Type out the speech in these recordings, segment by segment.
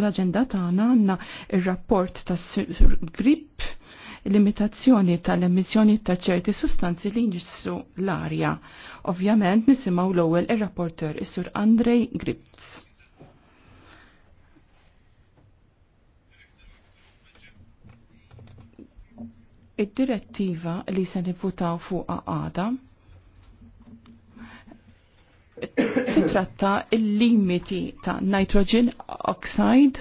fuq l-agenda tagħna għandna ir-rapport tas grip limitazzjoni tal-emissjoni ta' ċerti sustanzi li jinġissu l-arja. Ovvjament nisimgħu l-ewwel ir-rapporter is-Sur Andrej Grips. Id-direttiva li se nivvutaw fuq għada titratta il-limiti ta' nitrogen oxide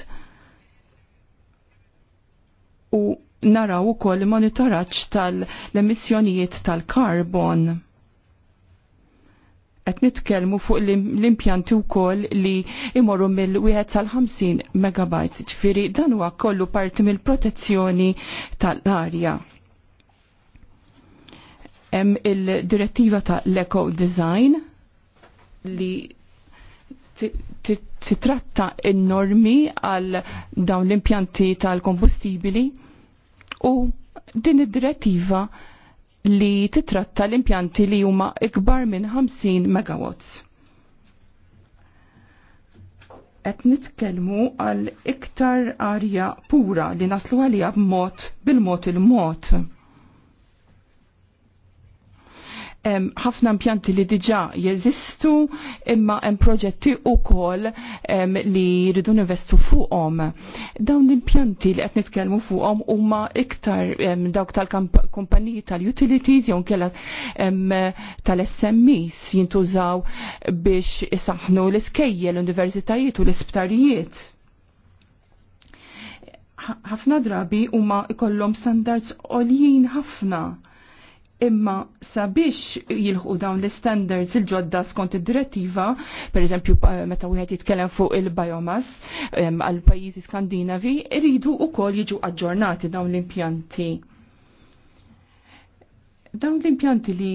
u naraw ukoll monitoraġġ tal-emissjonijiet tal-karbon qed nitkellmu fuq l-impjanti wkoll li imorru mill-1 sal-50 megabytes, ġifieri dan huwa kollu parti mill-protezzjoni tal-arja. Hemm il-direttiva ta' l-eco design li titratta il-normi għal dawn l-impjanti tal-kombustibili u din id-direttiva li titratta l-impjanti li huma ikbar minn 50 megawatts. Qed nitkellmu għal iktar arja pura li naslu għalija b'mod bil-mod il-mod. il mod ħafna impjanti li diġa jeżistu imma hemm proġetti ukoll li jridu investu fuqhom. Dawn l-impjanti li qed nitkellmu fuqhom huma iktar dawk tal-kumpaniji tal-utilities jew kella tal-SMEs jintużaw biex isaħnu l-iskejjel, l-universitajiet u l-isptarijiet ħafna drabi huma ikollhom standards għoljin ħafna imma sabiex jilħu dawn l-standards il-ġodda skont id-direttiva, per eżempju meta wieħed jitkellem fuq il-biomass għal pajjiżi skandinavi, iridu wkoll jiġu aġġornati dawn l-impjanti. Dawn l-impjanti li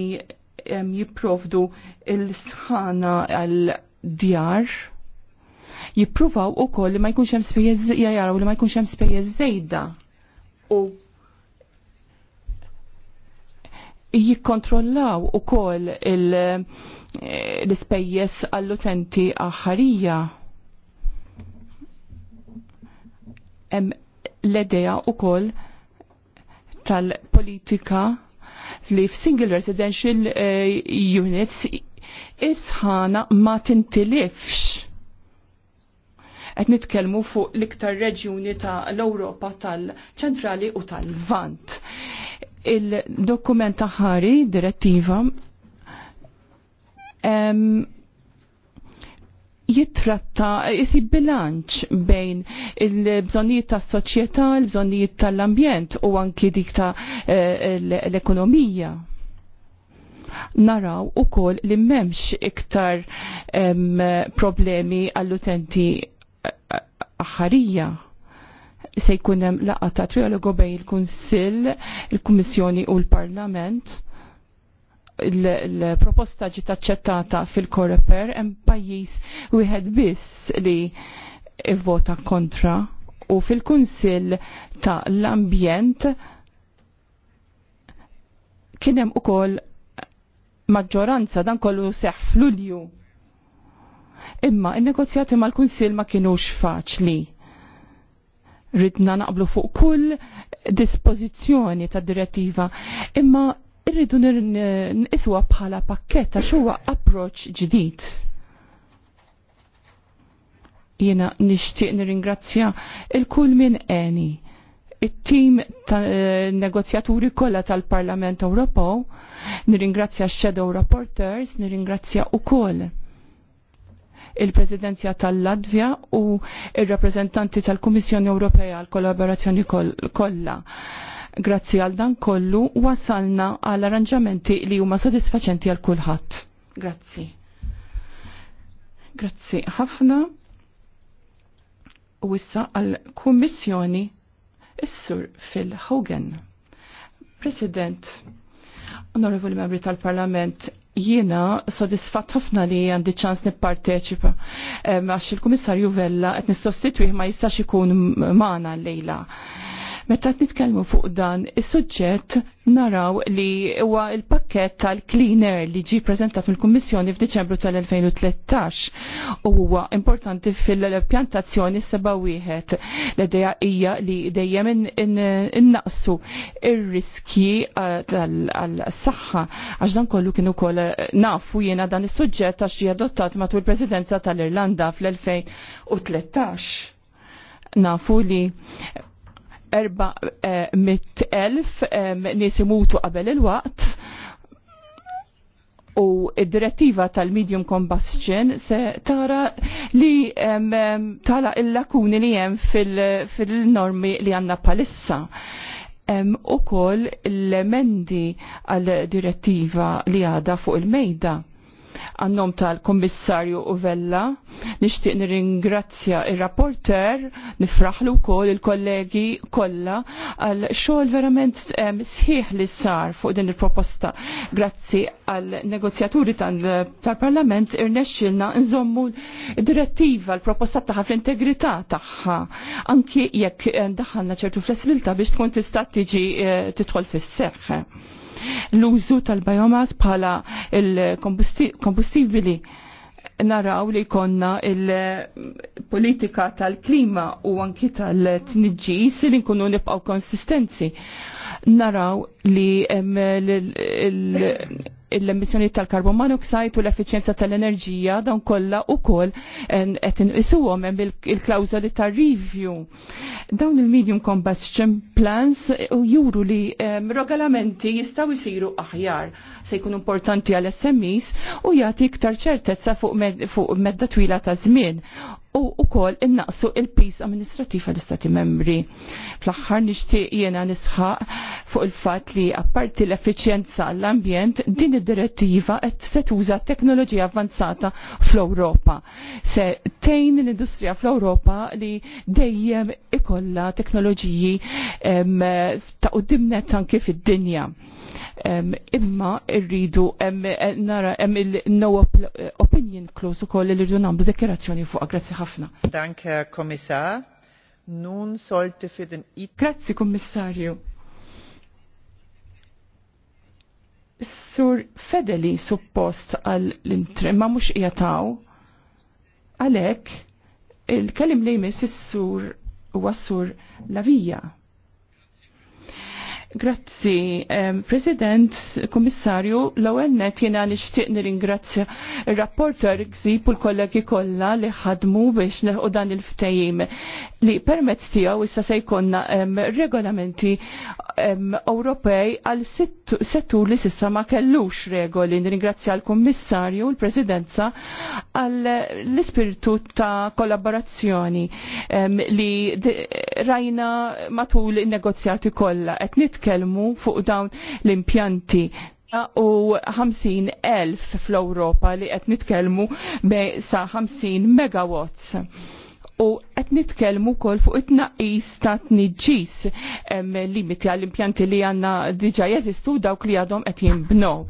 jipprovdu il-sħana għal djar jippruvaw ukoll li ma jkunx hemm spejjeż li ma jkunx hemm spejjeż żejda. U jikkontrollaw ukoll eh, l-ispejjeż għall-utenti aħħarija. Hemm l u kol tal-politika li f'single residential eh, units isħana ma tintilifx. Qed nitkellmu fuq l-iktar reġjuni ta' l-Ewropa tal-ċentrali u tal-Vant il-dokument taħħari, direttiva, um, jitratta, bilanċ bejn il-bżonijiet tas soċjetà il-bżonijiet tal-ambjent u anki dik ta' eh, l-ekonomija. Naraw u koll li memx iktar problemi għall-utenti eh, eh, aħħarija se jkun hemm ta' trialogu bejn il-Kunsill, il-Kummissjoni u l-Parlament il-proposta ġiet aċċettata fil-Koreper hemm pajjiż wieħed biss li vota kontra u fil-Kunsill ta' l-Ambjent kien hemm ukoll maġġoranza dan kollu seħ f'Lulju. Imma n negozjati mal-Kunsill ma kinux faċli ridna naqblu fuq kull dispożizzjoni ta' direttiva, imma irridu niswa bħala pakketta xuwa approach ġdid. Jena nishtiq nirringrazzja il-kull minn eni, it-tim ta' negozjaturi kollha tal-Parlament Ewropew, nirringrazzja shadow rapporters, nirringrazzja ukoll il-Presidenzja tal-Latvja u il-rappresentanti tal-Kummissjoni Ewropea għal kollaborazzjoni kollha. Grazzi għal dan kollu wasalna għal arranġamenti li huma sodisfaċenti għal kulħadd. Grazzi. Grazzi ħafna. U issa għal Kummissjoni Is-Sur Phil Hogan. President, Onorevoli Membri tal-Parlament, jiena sodisfatt ħafna li għandi ċans nipparteċipa. Għax il-Kummissarju Vella qed nissostitwih ma jistax ikun maħna l-lejla. Meta nitkellmu fuq dan, is-suġġett naraw li huwa il-pakket tal-Clean Air li ġi preżentat mill-Kummissjoni f'Diċembru tal-2013 u huwa importanti fil-pjantazzjoni seba' wieħed. L-idea hija li dejjem innaqsu ir-riskji eh, għall-saħħa għax dan kollu kien ukoll eh, nafu jiena dan is-suġġett għax ġie adottat matul il presidenza tal-Irlanda fl-2013. Nafu li 400.000 nies imutu qabel il-waqt u id-direttiva tal-medium combustion se tara li um, tala il-lakuni li jem fil-normi fil li għanna palissa. Um, u kol l-emendi għal-direttiva li għada fuq il-mejda għannom tal-Kommissarju Uvella. Nishtiq nirringrazzja il-rapporter, nifraħlu kol il-kollegi kolla għal xogħol verament sħiħ li sar fuq din il-proposta. Grazzi għal negozjaturi tal-Parlament irnexxilna nżommu direttiva l-proposta taħħa fl-integrità taħħa. Anki jekk daħħalna ċertu flessibilità biex tkun tista' tiġi eh, tidħol fis-seħħ l-użu tal-biomas bħala il-kombustibili naraw li konna il-politika tal-klima u anki tal-tniġġis li nkunu nibqaw konsistenzi. Naraw li l-emissjoni tal-karbon monoxide u l-effiċjenza tal-enerġija dawn kollha ukoll qed inqisuhom hemm il-klawżoli tar-review. Dawn il-medium combustion plans eh, juru li regolamenti jistgħu jsiru aħjar se jkun importanti għal SMEs u jagħti iktar ċertezza fuq medda twila ta' żmien u ukoll innaqsu il-pis amministrativa l istati membri. Fl-aħħar nixtieq jiena nisħaq fuq il-fatt li apparti l-effiċjenza għall-ambjent din id-direttiva qed se tuża teknoloġija avvanzata fl-Ewropa. Se tejn l-industrija fl-Ewropa li dejjem ikollha teknoloġiji ta' dimnet anke fid-dinja imma irridu nara hemm il-no opinion u ukoll il rridu nagħmlu dekirazzjoni fuq grazzi ħafna ħafna. Dank, Kommissar. Nun sollte für den Grazzi, Kommissarju. Sur Fedeli suppost għal l ma mux jataw, għalek il-kelim li jmiss is-sur u għassur Lavija. Grazzi, President, Komissarju, l-ewwel net jiena nixtieq nirringrazzja r rapporter Gżib u l-kollegi kollha li ħadmu biex neħu dan il-ftehim li permezz tiegħu issa se jkollna regolamenti Ewropej għal settur li sissa ma kellux regoli. Nirringrazzja l-Kummissarju l-Presidenza għal l-ispirtu ta' kollaborazzjoni li rajna matul in-negozjati kollha qed nitkellmu fuq dawn l-impjanti u 50.000 fl-Europa li qed nitkellmu sa 50 megawatts. U qed nitkellmu wkoll fuq it-tnaqqis ta' tniġġis limiti għall-impjanti li għandna diġà jeżistu dawk li għadhom qed jinbnew.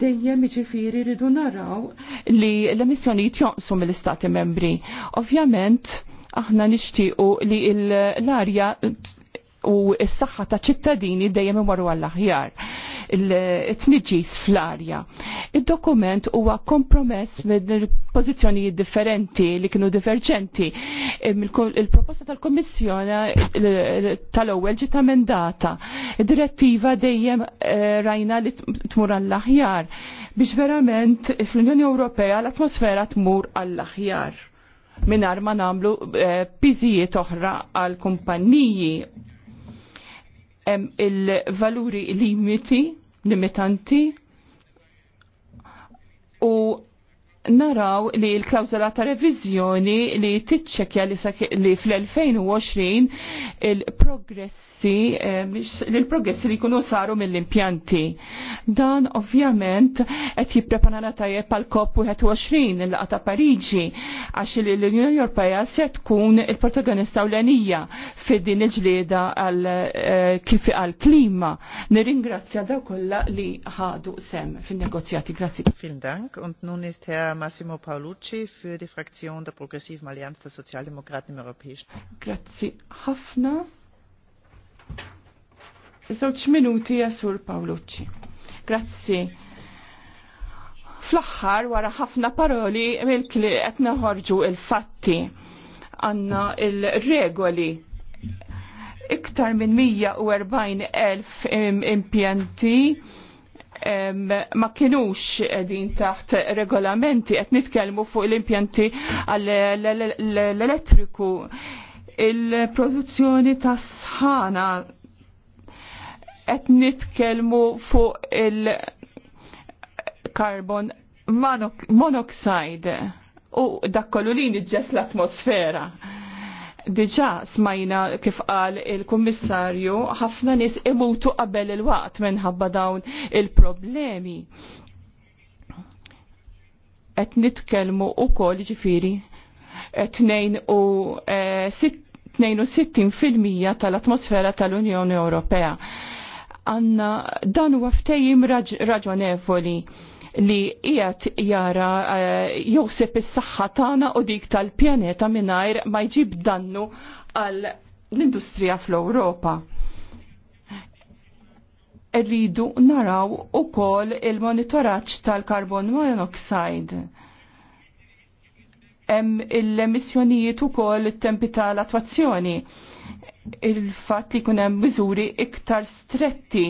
Dejjem ġifiri rridu naraw li l-emissjonijiet jonqsu mill-Istati membri. Ovvjament, aħna nixtiequ li l-arja u s-saħħa ta' ċittadini dejjem imorru għall-aħjar it-tniġis fl-arja. Il-dokument huwa kompromess minn pożizzjonijiet differenti li kienu diverġenti. Il-proposta tal komissjona tal-ewwel ġiet emendata. Id-direttiva dejjem eh, rajna li tmur għall-aħjar biex verament fl-Unjoni Ewropea l-atmosfera tmur għall-aħjar minar ma namlu eh, piżijiet oħra għal kumpanniji il-valuri limiti, limitanti, u naraw li l-klawzola ta' revizjoni li titċekja li fl-2020 il-progressi l-progressi li kunu saru mill-impjanti. Dan ovvjament qed jippreparana tajjeb pal kop 21 il ta' Pariġi għax l-Unjoni Ewropea se tkun il-protagonista ewlenija fid din il-ġlieda għal eh, kif għal klima. Nirringrazzja daw kollha li ħadu sem fin-negozjati. Grazzi. fil Dank und nun ist Massimo Paolucci für die Fraktion der Progressiven Allianz der Sozialdemokraten im Europäischen. Grazzi ħafna. Żewġ minuti jasur Paolucci. Grazzi. Fl-aħħar wara ħafna paroli mill-kli qed naħorġu il-fatti għandna il-regoli iktar minn 140 elf impjanti ma kienux eh, din taħt regolamenti qed nitkellmu fuq l-impjanti għall-elettriku il-produzzjoni ta' sħana qed nitkellmu fuq il-carbon monoxide u dak kollu li l-atmosfera. Diġa smajna kif qal il-Kummissarju ħafna nis imutu qabel il-waqt minħabba dawn il-problemi. Et nitkelmu u kol ġifiri 62% tal-atmosfera tal-Unjoni Ewropea. Għanna dan u għaftejim raġonevoli. Raġ li qiegħed jara eh, jowseb is-saħħa tagħna u dik tal-pjaneta mingħajr ma jġib dannu għal l-industrija fl-Ewropa rridu naraw u kol il-monitoraċ tal-carbon monoxide. Em l-emissjonijiet u kol il-tempi tal atwazzjoni il-fat li kunem miżuri iktar stretti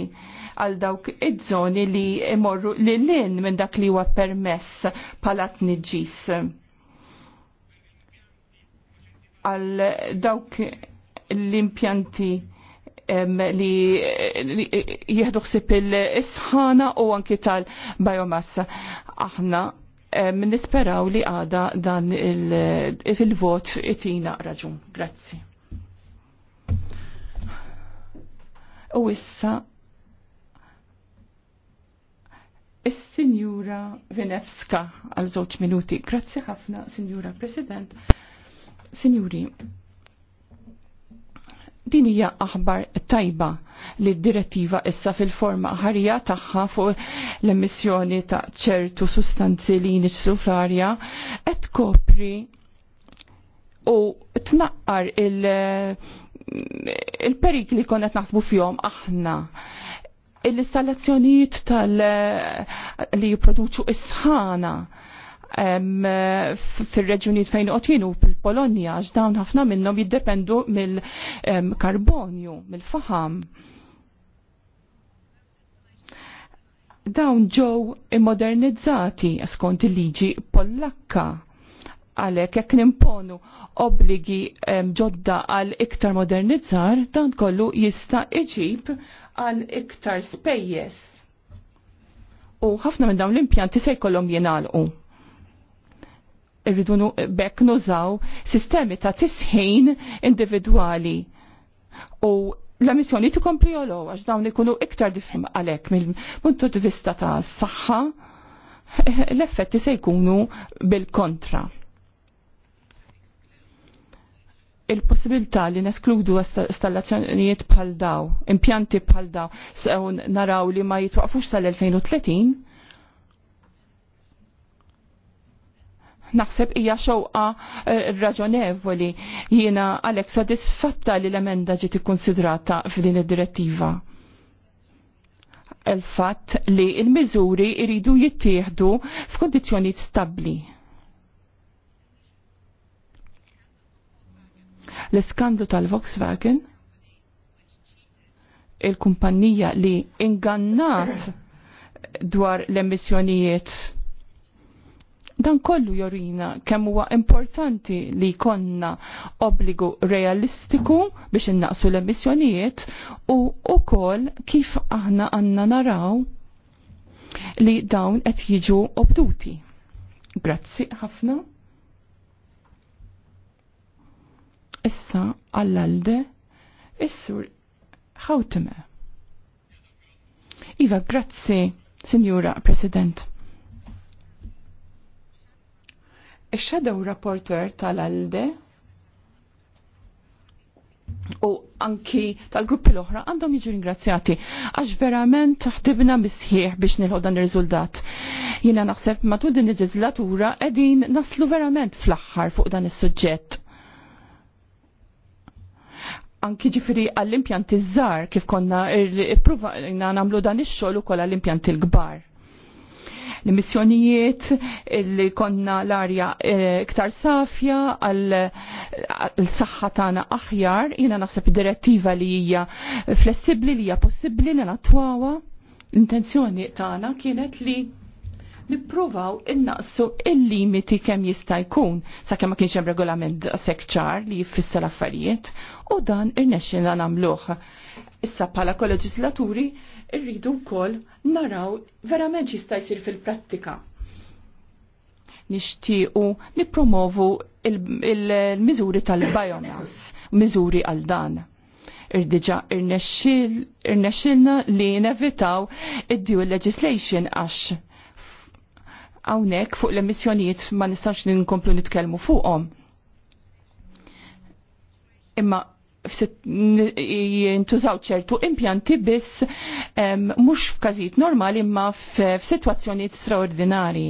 għal dawk id-żoni li imorru li l-in minn dak li huwa permess palat nġis. Għal dawk l-impjanti li, li jieħdu ħsib il-isħana u anki tal-biomassa. Aħna nisperaw li għada dan il-vot il itina raġun. Grazzi. U issa is-Sinjura Venevska għal żewġ minuti. Grazzi ħafna, Sinjura President. Sinjuri, din hija aħbar tajba li d-direttiva issa fil-forma ħarija tagħha fuq l-emissjoni ta' ċertu sustanzi li jniġsu fl-arja qed kopri u tnaqqar il- il-perikli konnet naħsbu fjom aħna l-installazzjonijiet tal li jiproduċu isħana fil-reġunijiet fejn otjinu pil-Polonja ġdawn ħafna minnom jiddependu mill-karbonju, mill-faham. Dawn ġew immodernizzati skont il-liġi Pollakka għalek jekk nimponu obbligi ġodda għal iktar modernizzar, dan kollu jista' iġib għal iktar spejjes. U ħafna minn dawn l-impjanti se jkollhom jingħalqu. Irridu bekk nużaw sistemi ta' tisħin individwali u l-emissjoni tikompli jolo, għax dawn ikunu iktar difhim għalek mill-punt di vista ta' s-saħħa l-effetti se jkunu bil-kontra il-possibilità li neskludu installazzjonijiet bħal daw, impjanti bħal daw, sew naraw li ma jitwaqfux sal-2030, naħseb hija xewqa eh, raġonevoli jiena għalhekk sodisfatta li l-emenda ġiet ikkonsidrata f'din id-direttiva il-fatt li il-miżuri iridu jittieħdu f'kondizzjonijiet stabbli. l skandlu tal-Volkswagen, il-kumpanija li ingannat dwar l-emissjonijiet. Dan kollu jorina kemm huwa importanti li konna obbligu realistiku biex innaqsu l-emissjonijiet u ukoll kif aħna għanna naraw li dawn qed jiġu obduti. Grazzi ħafna. Issa għall-alde is-sur ħawtime. Iva, grazzi, Signora President. Ix-Shadow Rapporteur tal-Alde u anki tal-gruppi l-oħra għandhom jiġu ringrazzjati għax verament taħdibna misħieħ biex nilħu dan ir-riżultat. Jiena naħseb matul din il-ġizlatura qegħdin naslu verament fl-aħħar fuq dan is-suġġett anki ġifiri għall-impjanti żgħar kif konna ippruvajna nagħmlu dan ix-xogħol ukoll għall-impjanti l-kbar. L-missjonijiet li konna l-arja eh, iktar safja għall saħħa tagħna aħjar, jiena naħseb direttiva li hija flessibbli li hija possibbli li natwawa. L-intenzjoni tagħna kienet li nippruvaw innaqsu il-limiti kemm jista' jkun sakemm ma kienx hemm regolament sekċar li jfisser affarijiet u dan irnexxinna nagħmluh. Issa bħala koleġislaturi rridu wkoll naraw verament jista' jsir fil-prattika. Nixtiequ nippromovu il-miżuri tal-biomass, miżuri għal dan irdiġa irnexxilna li nevitaw id-due legislation għax hawnhekk fuq l-emissjonijiet ma nistax ninkomplu nitkellmu fuqhom. Imma jintużaw ċertu impjanti biss mhux f'każijiet normali imma f'sitwazzjonijiet straordinari.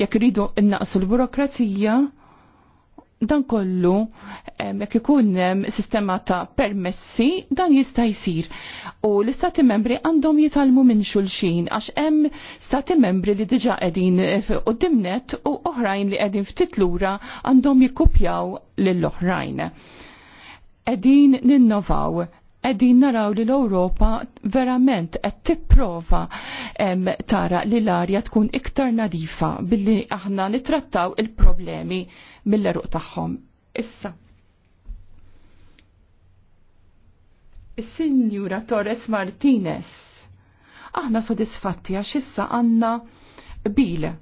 Jekk iridu innaqsu l-burokrazija, dan kollu jekk ikun sistema ta' permessi dan jista' jsir. U l-istati membri għandhom jitalmu minn xulxin għax hemm stati membri li diġa qegħdin eh, qudiemnet u oħrajn li qegħdin ftit lura għandhom jikkupjaw lill-oħrajn. Qegħdin ninnovaw edin naraw li l-Europa verament qed tipprova tara li l-arja tkun iktar nadifa billi aħna nitrattaw il-problemi mill-eruq tagħhom. Issa. Is-Sinjura Torres Martinez. Aħna sodisfatti għax issa għanna bile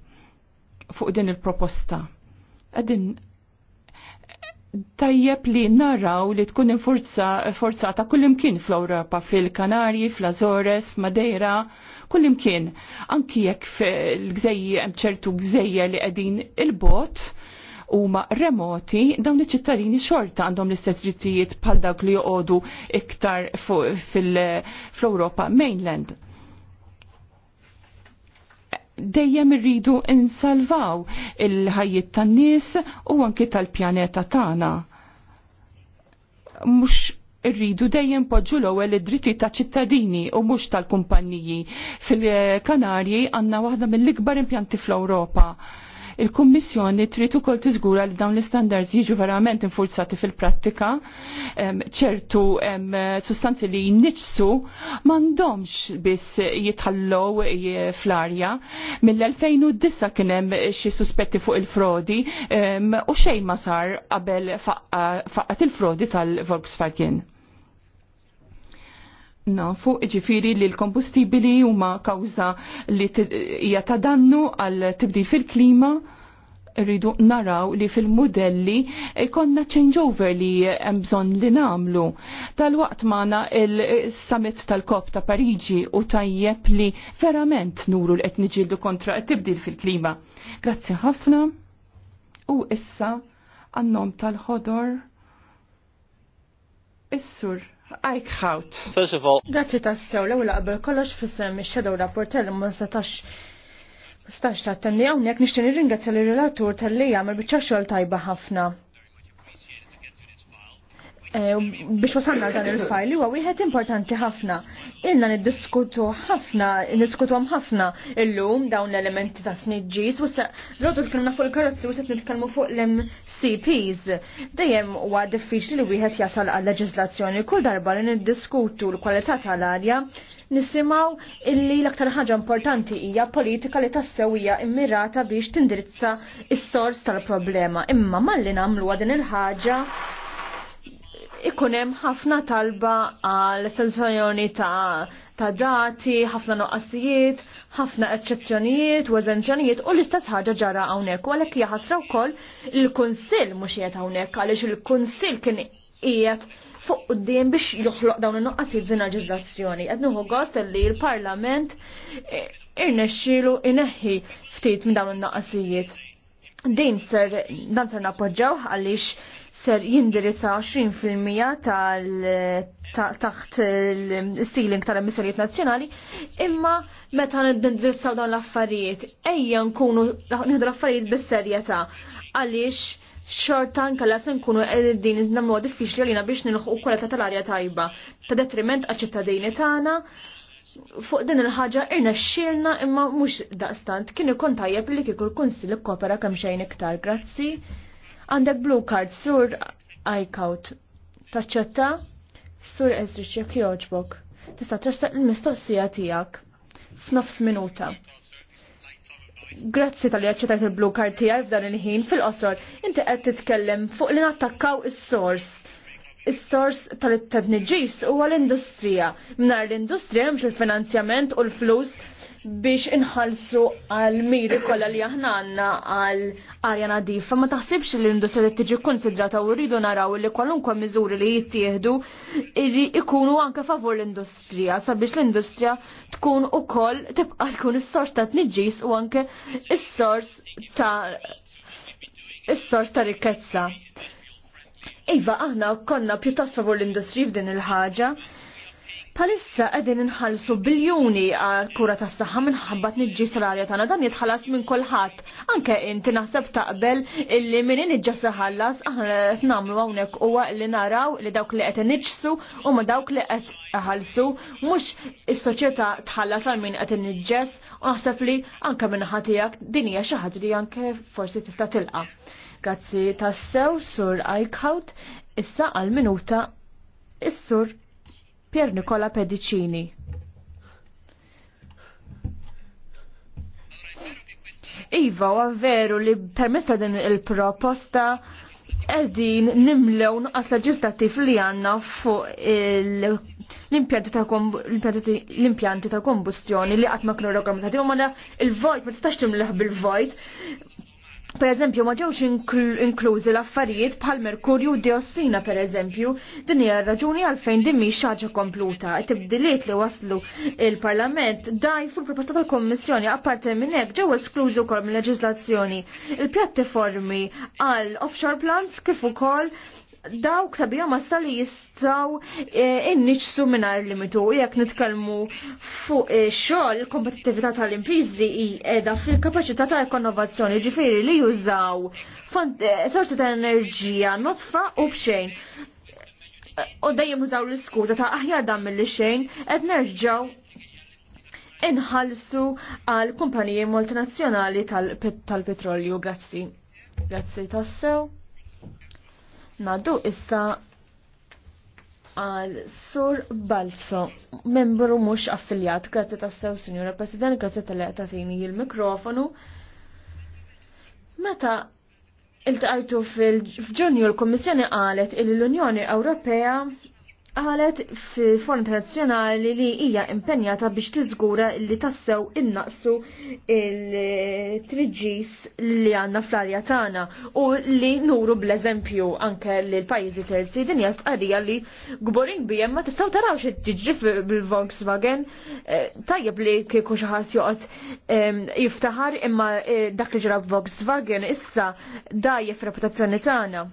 fuq din il-proposta. Għedin tajjeb li naraw li tkun forza, forzata kullimkien fl-Europa, fil-Kanarji, fl-Azores, f'Madeira, kullimkien. Anki jekk l-gżejjer, hemm ċertu gżejjer li qegħdin il-bot, huma remoti dawn iċ-ċittadini xorta għandhom l-istess drittijiet bħal dawk li joqogħdu iktar fl-Europa mainland dejjem irridu insalvaw il-ħajjiet tan-nies u anki tal-pjaneta tagħna. Mhux irridu dejjem poġġu l-ewwel id-dritti ta' ċittadini u mhux tal-kumpanniji. Fil-Kanarji għandna waħda mill-ikbar impjanti fl-Ewropa il-Kummissjoni trid ukoll tiżgura li dawn l-istandards jiġu verament infurzati fil-prattika ċertu sustanzi li jinniċsu m'għandhomx biss jitħallow fl-arja. Mill-2009 kien hemm xi suspetti fuq il-frodi u xejn ma sar qabel faqqat il-frodi tal-Volkswagen nafu ġifiri li l-kombustibili huma kawza li hija ta' dannu għal tibdil fil-klima rridu naraw li fil-modelli ikonna changeover li hemm bżonn li namlu. Tal-waqt magħna il-summit tal-Kop ta' Pariġi u tajjeb li verament nuru l qed niġildu kontra tibdil fil-klima. Grazzi ħafna u issa għannom tal-ħodor is-sur Eichhout. First of all. Grazzi tassew l ewwel qabel kollox fissem ix-shadow rapporter li ma setax stax tattendi hawnhekk nixtieq nirringrazzja l relatur tal-li jagħmel biċċa xogħol tajba ħafna. Eh, biex wasanna dan il-fajl huwa wieħed importanti ħafna. Ilna niddiskutu ħafna, niskutuhom ħafna illum dawn l-elementi ta' sniġġis u se rodu tkellimna fuq il-karozzi u se nitkellmu fuq l-MCPs. Dejjem huwa diffiċli li wieħed jasal għal leġislazzjoni kull darba li niddiskutu l-kwalità tal-arja nisimgħu illi l-aktar ħaġa importanti hija politika li tassewija immirata biex tindirizza is-sors tal-problema. Imma malli nagħmluha din il-ħaġa ikun hemm ħafna talba għal sensazzjoni ta' ta' dati, ħafna noqqasijiet, ħafna eċċezzjonijiet u eżenzjonijiet u l-istess ħaġa ġara hawnhekk u għalhekk hija ħasra wkoll il-kunsill mhux qiegħed hawnhekk għaliex il-kunsill kien qiegħed fuq quddiem biex joħloq dawn in-noqqasijiet din leġiżlazzjoni. Qed nieħu gost li l-Parlament irnexxielu ineħħi ftit minn dawn in-noqqasijiet din ser dan ser nappoġġaw għaliex ser jindirizza 20% tal taħt il-stealing tal-emissarijiet nazzjonali, imma meta nindirizzaw dawn l-affarijiet, ejja nkunu nieħdu l-affarijiet bis-serjetà għaliex xorta nkella se nkunu din namlu diffiċli għalina biex nilħu kwalità tal-arja tajba ta' detriment għaċ-ċittadini tagħna fuq din il-ħaġa irna xxilna imma mhux daqstant kien ikun tajjeb li kieku l-Kunsill ikkopera kemm xejn iktar. Grazzi. Għandek blue card, sur iCout. Taċċetta? Sur Ezrich, jek joġbok. Tista' tressaq il-mistoqsija tiegħek f'nofs minuta. Grazzi tal-li għacċetajt il-blue card tijaj f'dan il-ħin fil-qosor. Inti qed titkellem fuq li nattakkaw is-sors. Is-sors tal-tebniġis huwa l-industrija. Mnar l-industrija hemmx il-finanzjament u l-flus biex inħalsu għal miri kollha li aħna għandna għal arja nadifa. Ma taħsibx li l-industrija li tiġi konsidrata u rridu naraw li kwalunkwe miżuri li jittieħdu irri ikunu anke favur l-industrija sabiex l-industrija tkun ukoll tibqa' tkun is-sors ta' tniġġis u anke is-sors ta' is-sors ta' rikkezza. Iva, aħna konna pjuttost favur l-industri f'din il-ħaġa, Palissa qegħdin inħallsu biljuni għal kura tas saħħa minħabba tniġġi salarja tagħna dan jitħallas minn kulħadd. Anke inti naħseb taqbel illi min inġġa saħallas aħna qed nagħmlu hawnhekk huwa li naraw li dawk li qed iniġsu u ma dawk li qed ħalsu mhux is-soċjetà tħallas għal min qed inniġġes u naħseb li anke minn ħatijak din hija xi ħaġa li anke forsi tista' tilqa'. Grazzi tassew sur Eichhout issa għal minuta is-sur Pier Nicola Pedicini. Iva, u veru li permesta ta' din il-proposta edin nimlew nuqqas leġislattiv li għanna fuq l-impjanti ta' kombustjoni li għatma kienu regolamentati, ma il-vojt, ma tistax timleħ bil-vojt, Per eżempju, ma ġewx inklużi l-affarijiet bħal merkurju u diossina per eżempju, din hija raġuni għalfejn din mhix ħaġa kompluta. Tibdiliet li waslu il-Parlament dajfu l-proposta tal-Kommissjoni apparti minn hekk ġew esklużu wkoll mill-leġiżlazzjoni. il pjattiformi għal offshore plants kif ukoll dawk tabija ma li jistaw e, inniċsu minar limitu. Jek nitkalmu fuq e, xol, kompetitivita tal-imprizi i edha fil kapacita ta' innovazzjoni ġifiri li jużaw e, sorsi ta' enerġija notfa u bxejn. U dejjem użaw l skuza ta' aħjar dam mill xejn qed nerġgħu inħalsu għal kumpaniji multinazzjonali tal-petrolju. Grazzi. Grazzi tassew. Naddu issa għal Sur Balso, membru mux affiljat, Grazie ta' sew, Signora President, grazie ta' leqta tini il-mikrofonu. Meta il tajtu fil-ġunju l-Kommissjoni għalet il-Unjoni Ewropea għalet forn tradizjonali li hija impenjata biex tiżgura li tassew innaqsu il-triġis li għanna fl-arja tagħna u li nuru bl-eżempju anke li l-pajjiżi terzi din hija stqarrija li gborin bijem ma tistgħu taraw xi tiġri bil-Volkswagen eh, tajjeb li kieku xi ħadd joqgħod eh, jiftaħar imma eh, dak li ġra Volkswagen issa dajje reputazzjoni tagħna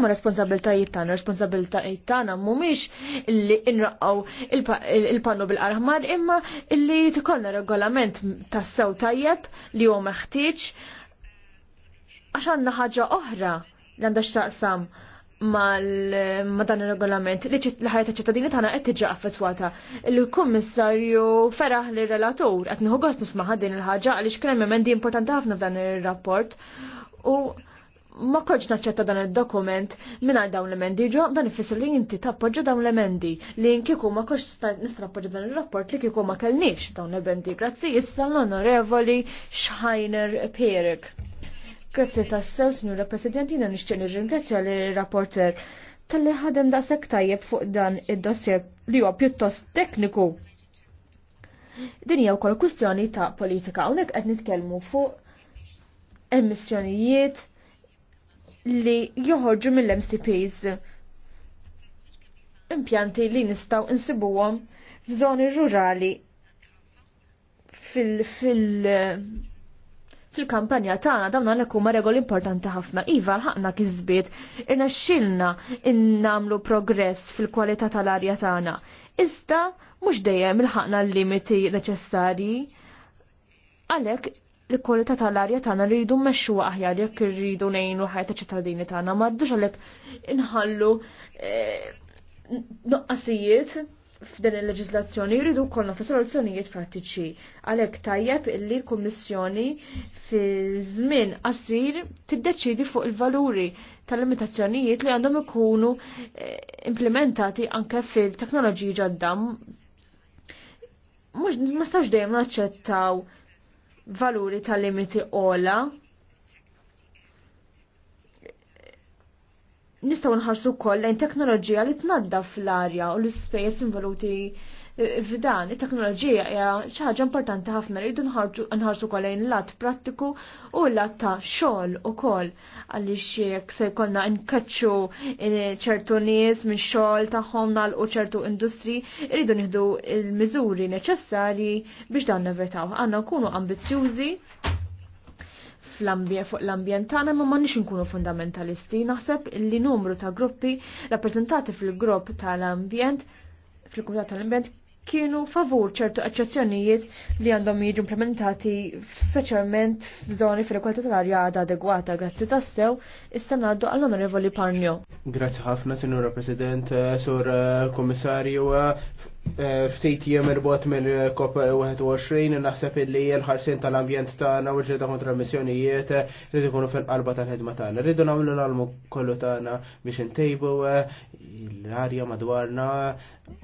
ma responsabiltajiet tagħna, responsabiltajiet tagħna mhumiex li nraqqgħu il-pannu bil-qarħmar imma li tkollna regolament tas-sew tajjeb li huwa meħtieġ għax għandna ħaġa oħra li għandha x'taqsam ma dan ir regolament li l-ħajja ta' ċittadini tagħna qed tiġi affettwata. Il-kummissarju feraħ li relatur qed nieħu gost nisma' din il-ħaġa għaliex kien hemm emendi importanti ħafna f'dan ir-rapport u ma konċ naċċetta dan il-dokument minna dawn l-emendi ġo, dan ifisser li inti tappoġġa dawn l-emendi li jinkiku ma konċ nistrappoġġa dan il-rapport li kiku ma kellniex dawn l-emendi. Grazzi, issa l-onorevoli Schreiner Perik. Grazzi tassew, signora Presidenti, jina nixtieq nirringrazzja li rapporter tal-li ħadem da sektajjeb fuq dan id-dossier li huwa pjuttost tekniku. Din hija wkoll kwistjoni ta' politika hawnhekk qed nitkellmu fuq emissjonijiet li joħorġu mill-MCPs impjanti li nistaw insibuhom f'żoni rurali fil-kampanja fil, fil, tagħna dawn għalhekk huma regoli importanti ħafna. Iva l-ħaqna kisbiet irnexxilna innamlu progress fil-kwalità tal-arja tagħna. Iżda mhux dejjem il ħakna l-limiti neċessarji għalhekk l-kwalità tal-arja tagħna rridu jridu mmexxuha aħjar jekk irridu ngħinu ħajja ċittadini tagħna m'għaddux għalhekk inħallu eh, noqqasijiet f'din il-leġislazzjoni jridu kollna fi soluzzjonijiet prattiċi. Għalhekk tajjeb illi l-Kummissjoni fi żmien qasir tiddeċidi fuq il-valuri tal-limitazzjonijiet li għandhom ikunu eh, implementati anke fil-teknoloġiji ġodda. Mhux ma stax dejjem naċċettaw valuri ta' limiti ola. Nistaw nħarsu koll lejn teknoloġija li tnaddaf fl-arja u l-ispejjeż involuti f'dan it-teknoloġija hija xi ħaġa importanti ħafna rridu nħarsu kolejn lat prattiku u lat ta' xogħol ukoll għaliex jekk se jkollna nkaċċu eh, ċertu nies minn xogħol tagħhom nagħlqu ċertu industri, rridu nieħdu l-miżuri neċessarji biex dan nevetaw. Għandna nkunu ambizzjużi fuq l-ambjent tagħna ma m'għandniex inkunu fundamentalisti. Naħseb li numru ta' gruppi rappreżentati fil-grupp tal-ambjent fil-Kumitat tal-Ambjent kienu favur ċertu eċċezzjonijiet li għandhom jiġu implementati speċjalment f'żoni fil-kwalità tal-arja għada adegwata grazzi tassew issa għall-Onorevoli Parnio. Grazzi ħafna, Sinjura President, Sur Komissarju, Eh, ftit jiem irbot minn eh, COP21 naħseb illi l-ħarsin tal-ambjent tagħna u ġrieda kontra missjonijiet rridu ikunu eh, fil-qalba tal-ħidma tagħna. Rridu nagħmlu l-almu kollu tagħna biex intejbu l-arja madwarna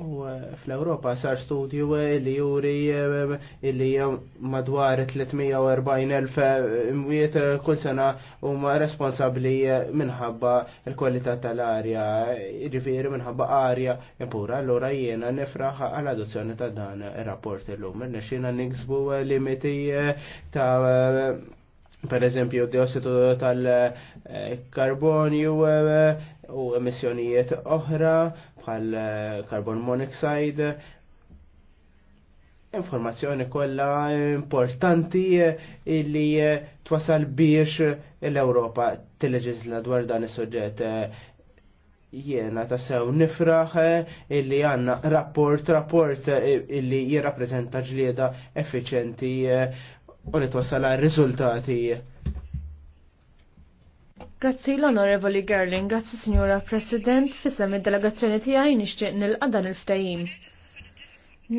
u fl-Ewropa sar studju li juri illi madwar 340.000 imwiet kull sena huma responsabbli minħabba l-kwalità tal-arja, ġifieri minħabba arja impura. Allura jiena nifraħ għal adozzjoni ta' dan ir-rapport illum. Nexxina niksbu eh, limiti eh, ta' eh, per eżempju diossidu tal-karbonju u emissjonijiet oħra bħal carbon monoxide informazzjoni kollha importanti illi twasal biex l-Ewropa leġizla dwar dan is-suġġett Jiena ta' sew nifraħ eh, illi għanna rapport, rapport eh, illi jirrapprezenta ġlieda effiċenti eh, u li twassala rizultati. Grazzi l-Onorevoli Gerling, grazzi Signora President, fissem id-delegazzjoni tiegħi nixtieq nil dan il-ftehim.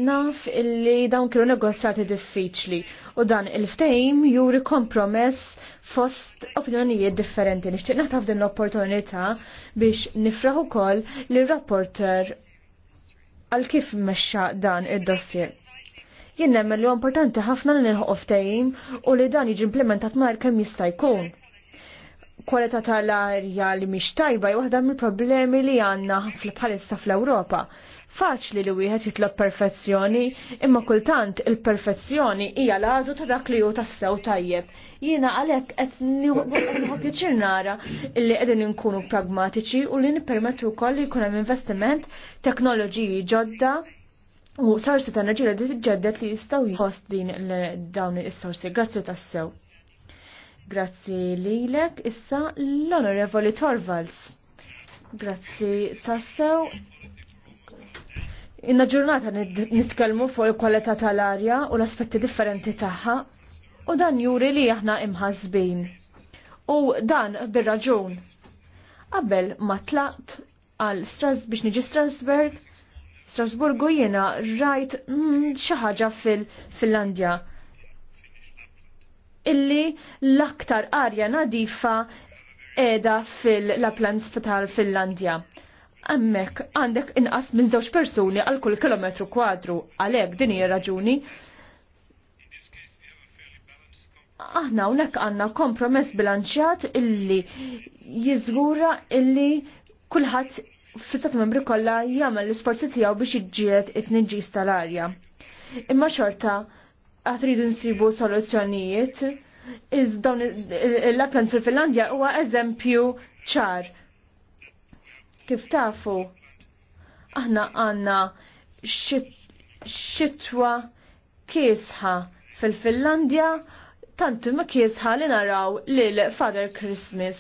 Naf illi dawn kienu negozjati diffiċli u dan il-ftehim juri kompromess fost opinjonijiet differenti. Nixtieq naħtaf din l-opportunità biex nifraħ ukoll li rapporter għal kif mexxa dan id-dossier. Jien nemmen li importanti ħafna li nilħu ftehim u li dan jiġi implementat mar kemm jista' jkun kwalità tal-arja li mhix tajba hija waħda mill-problemi li għandna bħalissa fl-Ewropa. Faċli li wieħed jitlob perfezzjoni, imma kultant il-perfezzjoni hija l-għażu ta' dak li hu tassew tajjeb. Jiena għalhekk qed nieħu pjaċir nara li qegħdin inkunu pragmatiċi u li nippermettu wkoll li jkun hemm investiment teknoloġiji ġodda u sorsi ta' enerġija li tiġġedded li jistgħu jħoss din dawn is-sorsi. Grazzi tassew. Grazzi lilek, issa l-Onorevoli Torvalds. Grazzi tassew. Inna ġurnata nitkelmu fuq il-kwalità tal-arja u l-aspetti differenti tagħha u dan juri li aħna imħazbin. U dan bir-raġun. Qabel ma tlaqt għal biex niġi Strasburg, Strasburgu jiena rajt mm, xi ħaġa fil-Finlandja. fil finlandja illi l-aktar arja nadifa edha fil-laplans tal-Finlandja. Għammek, għandek inqas minn żewġ persuni għal kull kilometru kwadru, għalek din hija raġuni. Aħna hawnhekk għandna kompromess bilanċjat illi jiżgura illi kulħadd fil-sat membri kollha jagħmel l-isforzi tiegħu biex iġġiet it-tniġġis tal-arja. Imma xorta għatridu nsibu soluzzjonijiet. Iż dawn l appjan fil-Finlandja huwa eżempju ċar. Kif tafu? Aħna għanna xitwa kiesħa fil-Finlandja tant ma kiesħa li naraw lil Father Christmas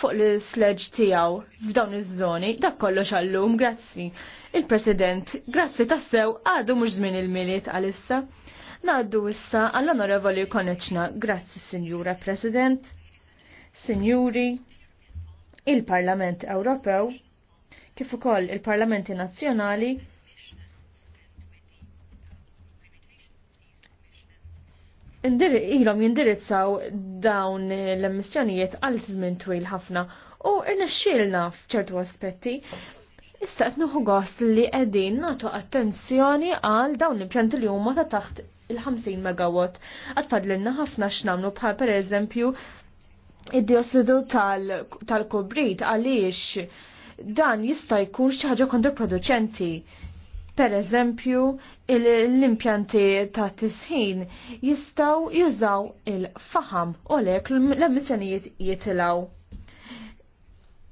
fuq l-sledge tijaw f'dawn iż-żoni, dak kollox għallum, grazzi. Il-President, grazzi tassew għadu mux żmien il-miliet għalissa. Naddu issa għall-Onorevoli Koneċna. Grazzi, Signora President. Sinjuri, il-Parlament Ewropew, kif ukoll il-Parlamenti Nazzjonali, ilhom jindirizzaw dawn l-emissjonijiet għal żmien twil ħafna u irnexxielna f'ċertu aspetti. Issa qed gost li qegħdin nagħtu attenzjoni għal dawn l-impjanti li huma ta' taħt il-50 megawatt. Għatfadlilna ħafna x'namlu bħal per eżempju id-diossidu tal-kubrit għaliex dan jista' jkun xi ħaġa kontraproduċenti. Per eżempju, l-impjanti ta' tisħin jistaw jużaw il-faham u lek l-emissjonijiet jitilaw.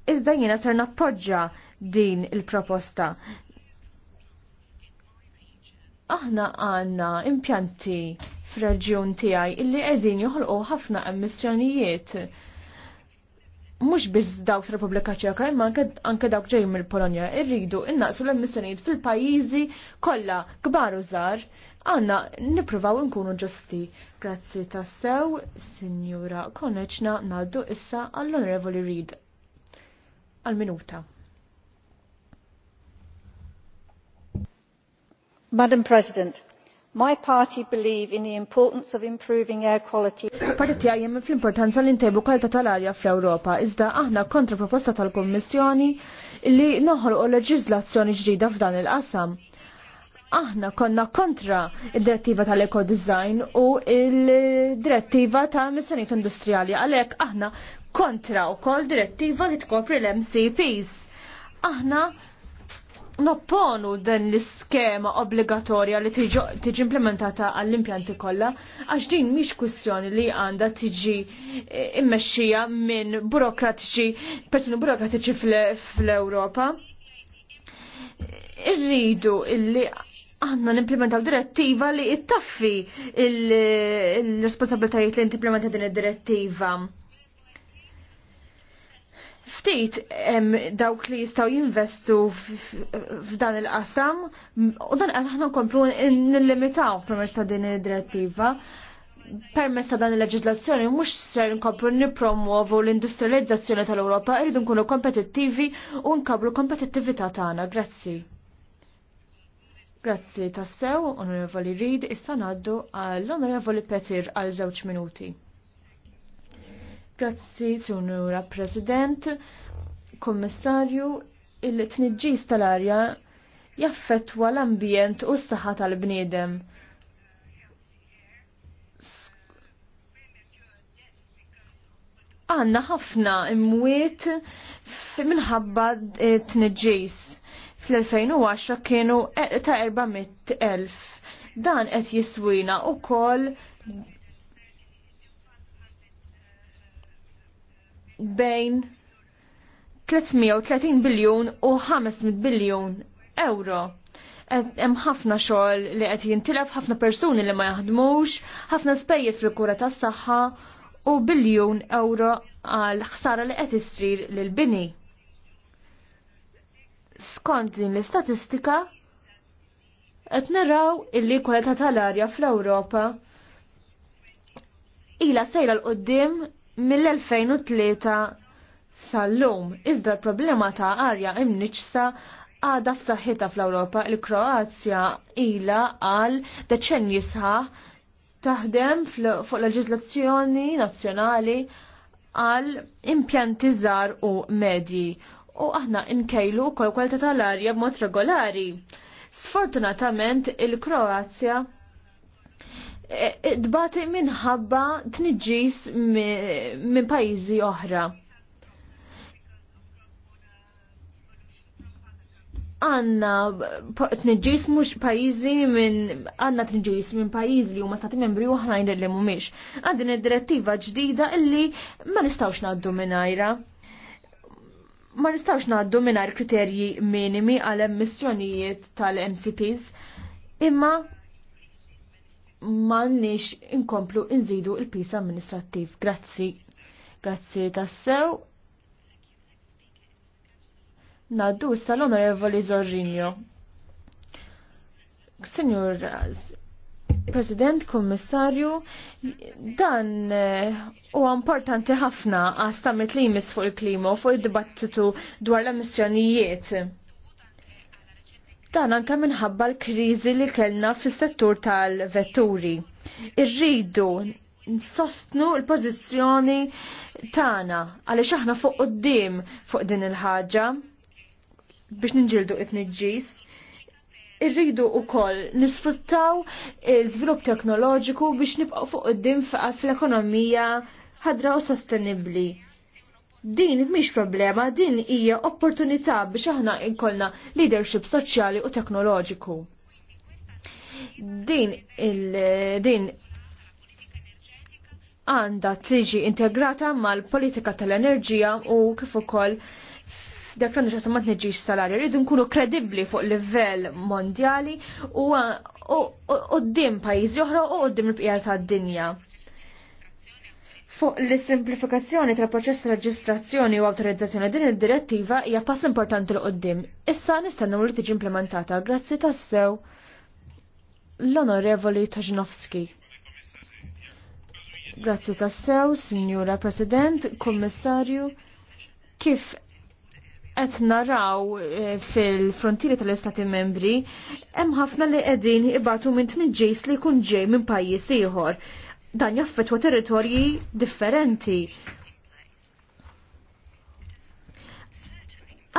Iżda jiena ser nappoġġa din il-proposta aħna għanna impjanti f'reġjun tiegħi illi qegħdin joħolqu ħafna emissjonijiet. Mhux biss dawk Repubblika Ċeka imma anke dawk ġej mill-Polonja irridu innaqsu l-emissjonijiet fil-pajjiżi kollha kbar u żgħar għandna nippruvaw nkunu ġusti. Grazzi tassew, Sinjura Koneċna ngħaddu issa għall-Onorevoli Reid. Għal-minuta. madam president my party believe in the importance of improving air quality Partiti għajem fl-importanza li ntejbu kalta tal-arja fl-Ewropa iżda aħna kontra proposta tal-Kommissjoni li noħolqu leġizlazzjoni ġdida f'dan il-qasam. Aħna konna kontra id-direttiva tal ekodizajn u il-direttiva tal missjoniet industrijali għalhekk aħna kontra wkoll direttiva li tkopri l-MCPs. Aħna nopponu dan l-iskema obbligatorja li tiġi implementata għall-impjanti kollha għax din mhix kwistjoni li għandha tiġi immexxija minn burokratiċi persuni burokratiċi fl-Ewropa. Irridu illi għanna nimplementaw direttiva li ittaffi il-responsabilitajiet li nimplementa din id-direttiva ftit dawk li jistaw jinvestu f'dan il-qasam u dan qed aħna nkomplu nillimitaw permezz ta' din id-direttiva. Permezz ta' dan il leġislazzjoni mhux ser nkomplu nippromuovu l-industrializzazzjoni tal-Ewropa, irridu nkunu kompetittivi u nkabru kompetittività tagħna. Grazzi. Grazzi tassew, onorevoli Reid, issa ngħaddu għall-onorevoli Petir għal żewġ minuti. Grazzi, Sunura President, Kommissarju, il-tniġġis tal-arja jaffettwa l-ambjent u s-saħħa tal-bniedem. Għanna ħafna imwiet minħabba t-nġis. Fl-2010 kienu e- ta' 400.000. Dan qed jiswina u koll bejn 330 biljun u 500 biljun euro hemm ħafna xogħol li qed jintilef, ħafna persuni li ma jaħdmux, ħafna spejjeż fil-kura tas-saħħa u biljun euro għal ħsara li qed issir lil bini. Skont din l-istatistika qed naraw illi kwalità tal-arja fl-Ewropa ila sejra l-qoddim mill-2003 sal-lum. Iżda l-problema ta' arja imniċsa għada f'saħħitha fl-Ewropa il-Kroazja ila għal deċenji sħaħ taħdem fuq leġislazzjoni nazzjonali għal impjanti żgħar u medji u aħna nkejlu kol kwalità tal-arja b'mod regolari. Sfortunatament il-Kroazja Eh, dbati minħabba tniġġis minn pajjiżi oħra. Għanna tniġġis mux pajizi minn għanna tniġġis minn pajizi li huma stati membri uħrajn li mhumiex. Għandin id-direttiva ġdida illi ma nistawx ngħaddu ajra. ma nistawx naddu minar kriterji minimi għal emissjonijiet tal-MCPs, imma mannix inkomplu inżidu il-pis amministrattiv. Grazzi. Grazzi tassew. Naddu issa l-Onorevoli Zorrinjo. Signor President, Kommissarju, dan eh, u importanti ħafna għas li jmiss fuq il-klima u fuq id-dibattitu dwar l-emissjonijiet Dan anka minħabba l-kriżi li kellna fis-settur tal-vetturi. Irridu nsostnu l-pożizzjoni tagħna għaliex aħna fuq qudiem fuq din il-ħaġa biex ninġildu qed niġġis. Irridu wkoll nisfruttaw iż-żvilupp teknoloġiku biex nibqgħu fuq qudiem fl-ekonomija ħadra u sostenibbli. Din mhix problema, din hija opportunità biex aħna inkolna leadership soċjali u teknoloġiku. Din il din għandha tiġi integrata mal-politika tal-enerġija u kif ukoll dak l-għandu xasam ma tneġġiġ salari, rridu nkunu kredibli fuq livell mondjali u għoddim pajizi oħra u għoddim il bqija ta' dinja. Fuq l-simplifikazzjoni tra proċess reġistrazzjoni u autorizzazzjoni din id-direttiva hija pass importanti l qoddim Issa nistennew li tiġi implementata grazzi tassew l-Onorevoli Toġnowski. Grazzi tassew, Sinjura President, Kommissarju, kif qed naraw eh, fil-frontieri tal-Istati Membri hemm ħafna li qegħdin ibatu minn tmiġġis li jkun ġej minn pajjiż ieħor dan jaffetwa territorji differenti.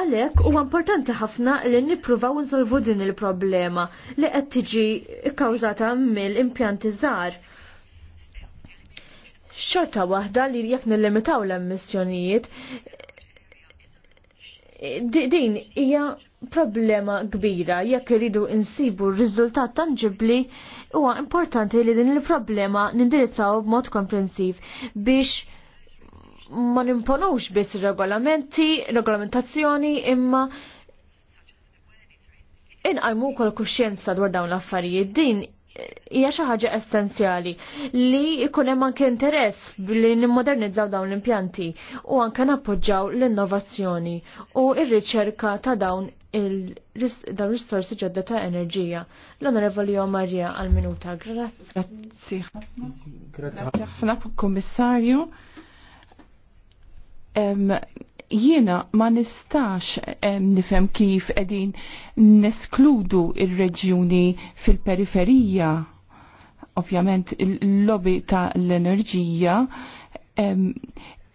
Għalek u importanti ħafna li nipruvaw nsolvu din il-problema li qed tiġi kkawżata mill-impjanti żgħar. Xorta waħda li jekk nillimitaw l-emissjonijiet din hija problema kbira jekk iridu insibu r-riżultat tanġibli huwa importanti li din il-problema nindirizzaw b'mod komprensiv biex ma nimponux biss regolamenti, regolamentazzjoni imma inqajmu kol kuxjenza dwar dawn l-affarijiet din hija xi ħaġa essenzjali li jkun hemm anke interess li nimmodernizzaw dawn l-impjanti u anke nappoġġaw l-innovazzjoni u r-riċerka ta' dawn il-dawn ristorsi ġodda ta' enerġija. L-Onorevoli Marja għal-minuta. Grazzi. Grazzi Grazie. Grazie. Grazie. Kummissarju jiena ma nistax nifhem kif qegħdin neskludu il reġjuni fil-periferija. Ovvjament il-lobby ta' l-enerġija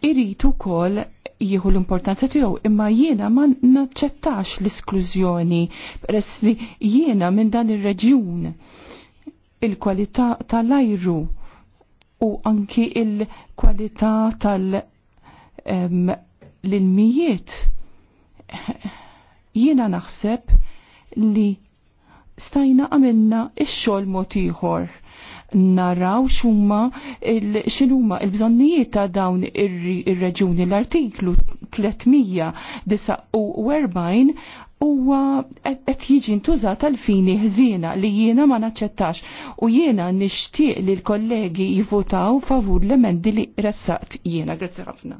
irid ukoll jieħu l-importanza tiegħu, imma jiena ma naċċettax l-isklużjoni peress li jiena minn dan ir-reġjun il-kwalità tal-ajru u anki il-kwalità tal l mijiet jiena naħseb li stajna għamilna ix-xogħol mod ieħor naraw xumma xinuma il-bżonnijiet ta' dawn ir-reġuni l-artiklu 349 huwa qed jiġi ntużat għal fini ħżiena li jiena ma naċċettax u jiena nixtieq li l-kollegi jivvotaw favur l-emendi li ressaqt jiena. Grazzi ħafna.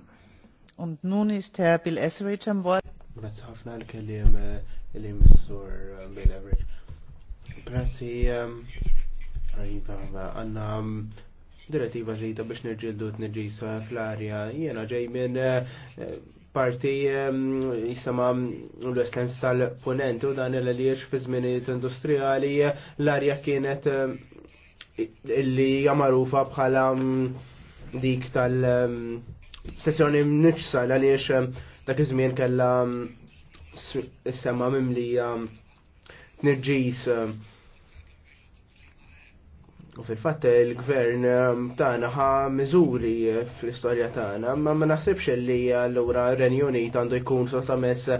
Und nun ist Herr Bill Etheridge am Wort. Grazie ħafna l eh, l eh, Bill Etheridge. Grazie, għanna eh, mm, direttiva ġejta biex nirġildu t nirġisa fl-arja. Jena ġej minn parti jisama mm, l estens tal-ponent u dan l-għaliex fi żminijiet industriali l-arja kienet illi jamarufa bħala mm, dik tal- sessjoni mniċsa għaliex ehm, dak iż-żmien kellha ehm, s-semma mimlija ehm, nirġis U fil-fatt il-gvern tagħna ħa miżuri fl-istorja tagħna, ma ma naħsibx li allura r-Renju Unit għandu jkun sottomess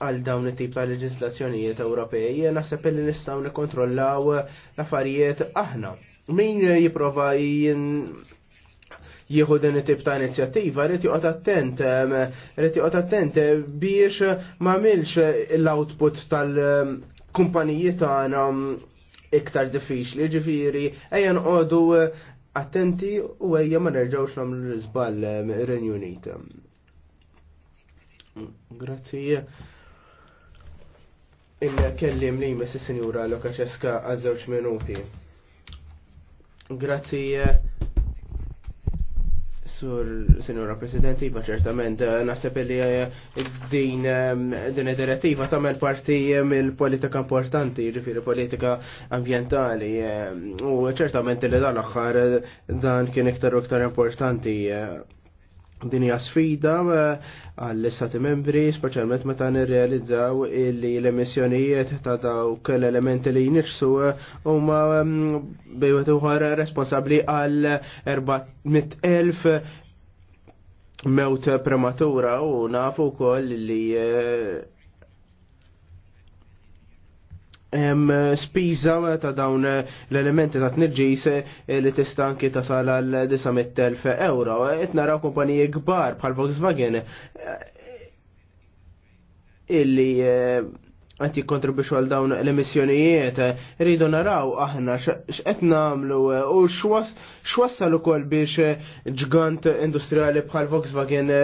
għal dawn it-tip ta' leġislazzjonijiet Ewropej, naħseb li nistgħu nikkontrollaw l-affarijiet aħna. Min jipprova jieħu din it-tip ta' inizjattiva, rrit joqgħod attent, rrit joqgħod attent biex m'għamilx l-output tal-kumpaniji tagħna iktar diffiċli, ġifieri ejja nqogħdu attenti u ejja ma nerġgħux nagħmlu l-iżball Renju Unit. Grazzi. Il-kellim li jmess is-sinjura Lokaċeska għaż minuti. Grazzi Sur Sinjora President, ċertament eh, naħseb li eh, din eh, din id-direttiva tagħmel parti mill-politika importanti, jiġifieri politika ambjentali. U ċertament li dan aħħar dan kien iktar u iktar importanti Din hija sfida eh, għall-istati membri, speċjalment meta nirrealizzaw li l-emissjonijiet ta' dawk l-elementi li jnixsu eh, huma mm, bejwet uħar responsabbli għal 400,000 mewt prematura u nafu wkoll li eh, Eh, spiża ta' dawn eh, l-elementi ta' tnirġis eh, li tista' anki ta' sala l-900.000 euro. Qed naraw kumpaniji kbar bħal Volkswagen illi għanti kontribuċu għal dawn l-emissjonijiet, rridu naraw aħna x'qed namlu u x'wassal ukoll biex ġgant industriali bħal Volkswagen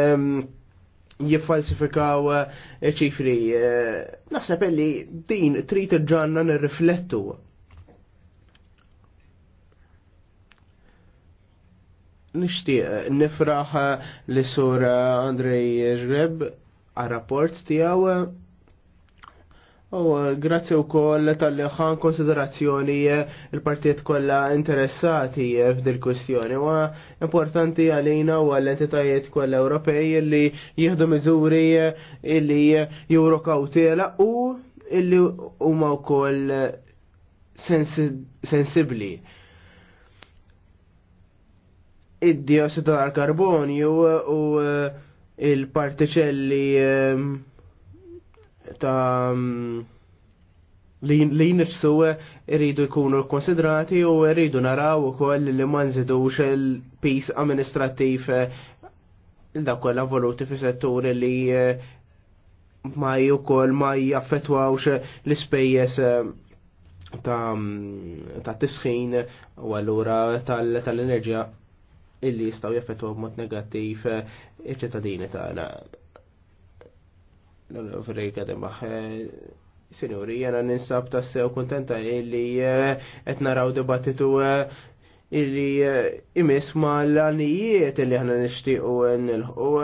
jiffalsifikaw eh, ċifri. Eh, naħseb li din trid ġanna nirriflettu. Nixtieq nifraħ li sur Andrej Ġreb għal rapport tiegħu U eh, grazzi u koll tal-li ħan konsiderazzjoni eh, il-partijiet kollha interessati eh, f'dil kwestjoni. U importanti għalina u għall-entitajiet kollha Ewropej li jieħdu miżuri illi juro kautela u illi huma wkoll sensibbli. Id-dioxidu tal-karbonju u il-partiċelli ta' mm, li nifsu rridu eh, jkunu konsidrati u rridu naraw ukoll li ma nżidux il-pis amministrattiv eh, dak kolla voluti fi setturi li eh, ma koll ma jaffetwawx l-ispejjeż ta' mm, ta' tisħin u allura tal-enerġija illi jistgħu jaffetwaw mod negattiv il ċittadini tagħna l-Afrika Demaħ. Sinjuri, jena ninsab tassew kontenta illi qed eh, naraw dibattitu eh, illi eh, imis ma l-għanijiet illi ħana nishtiqu nilħu.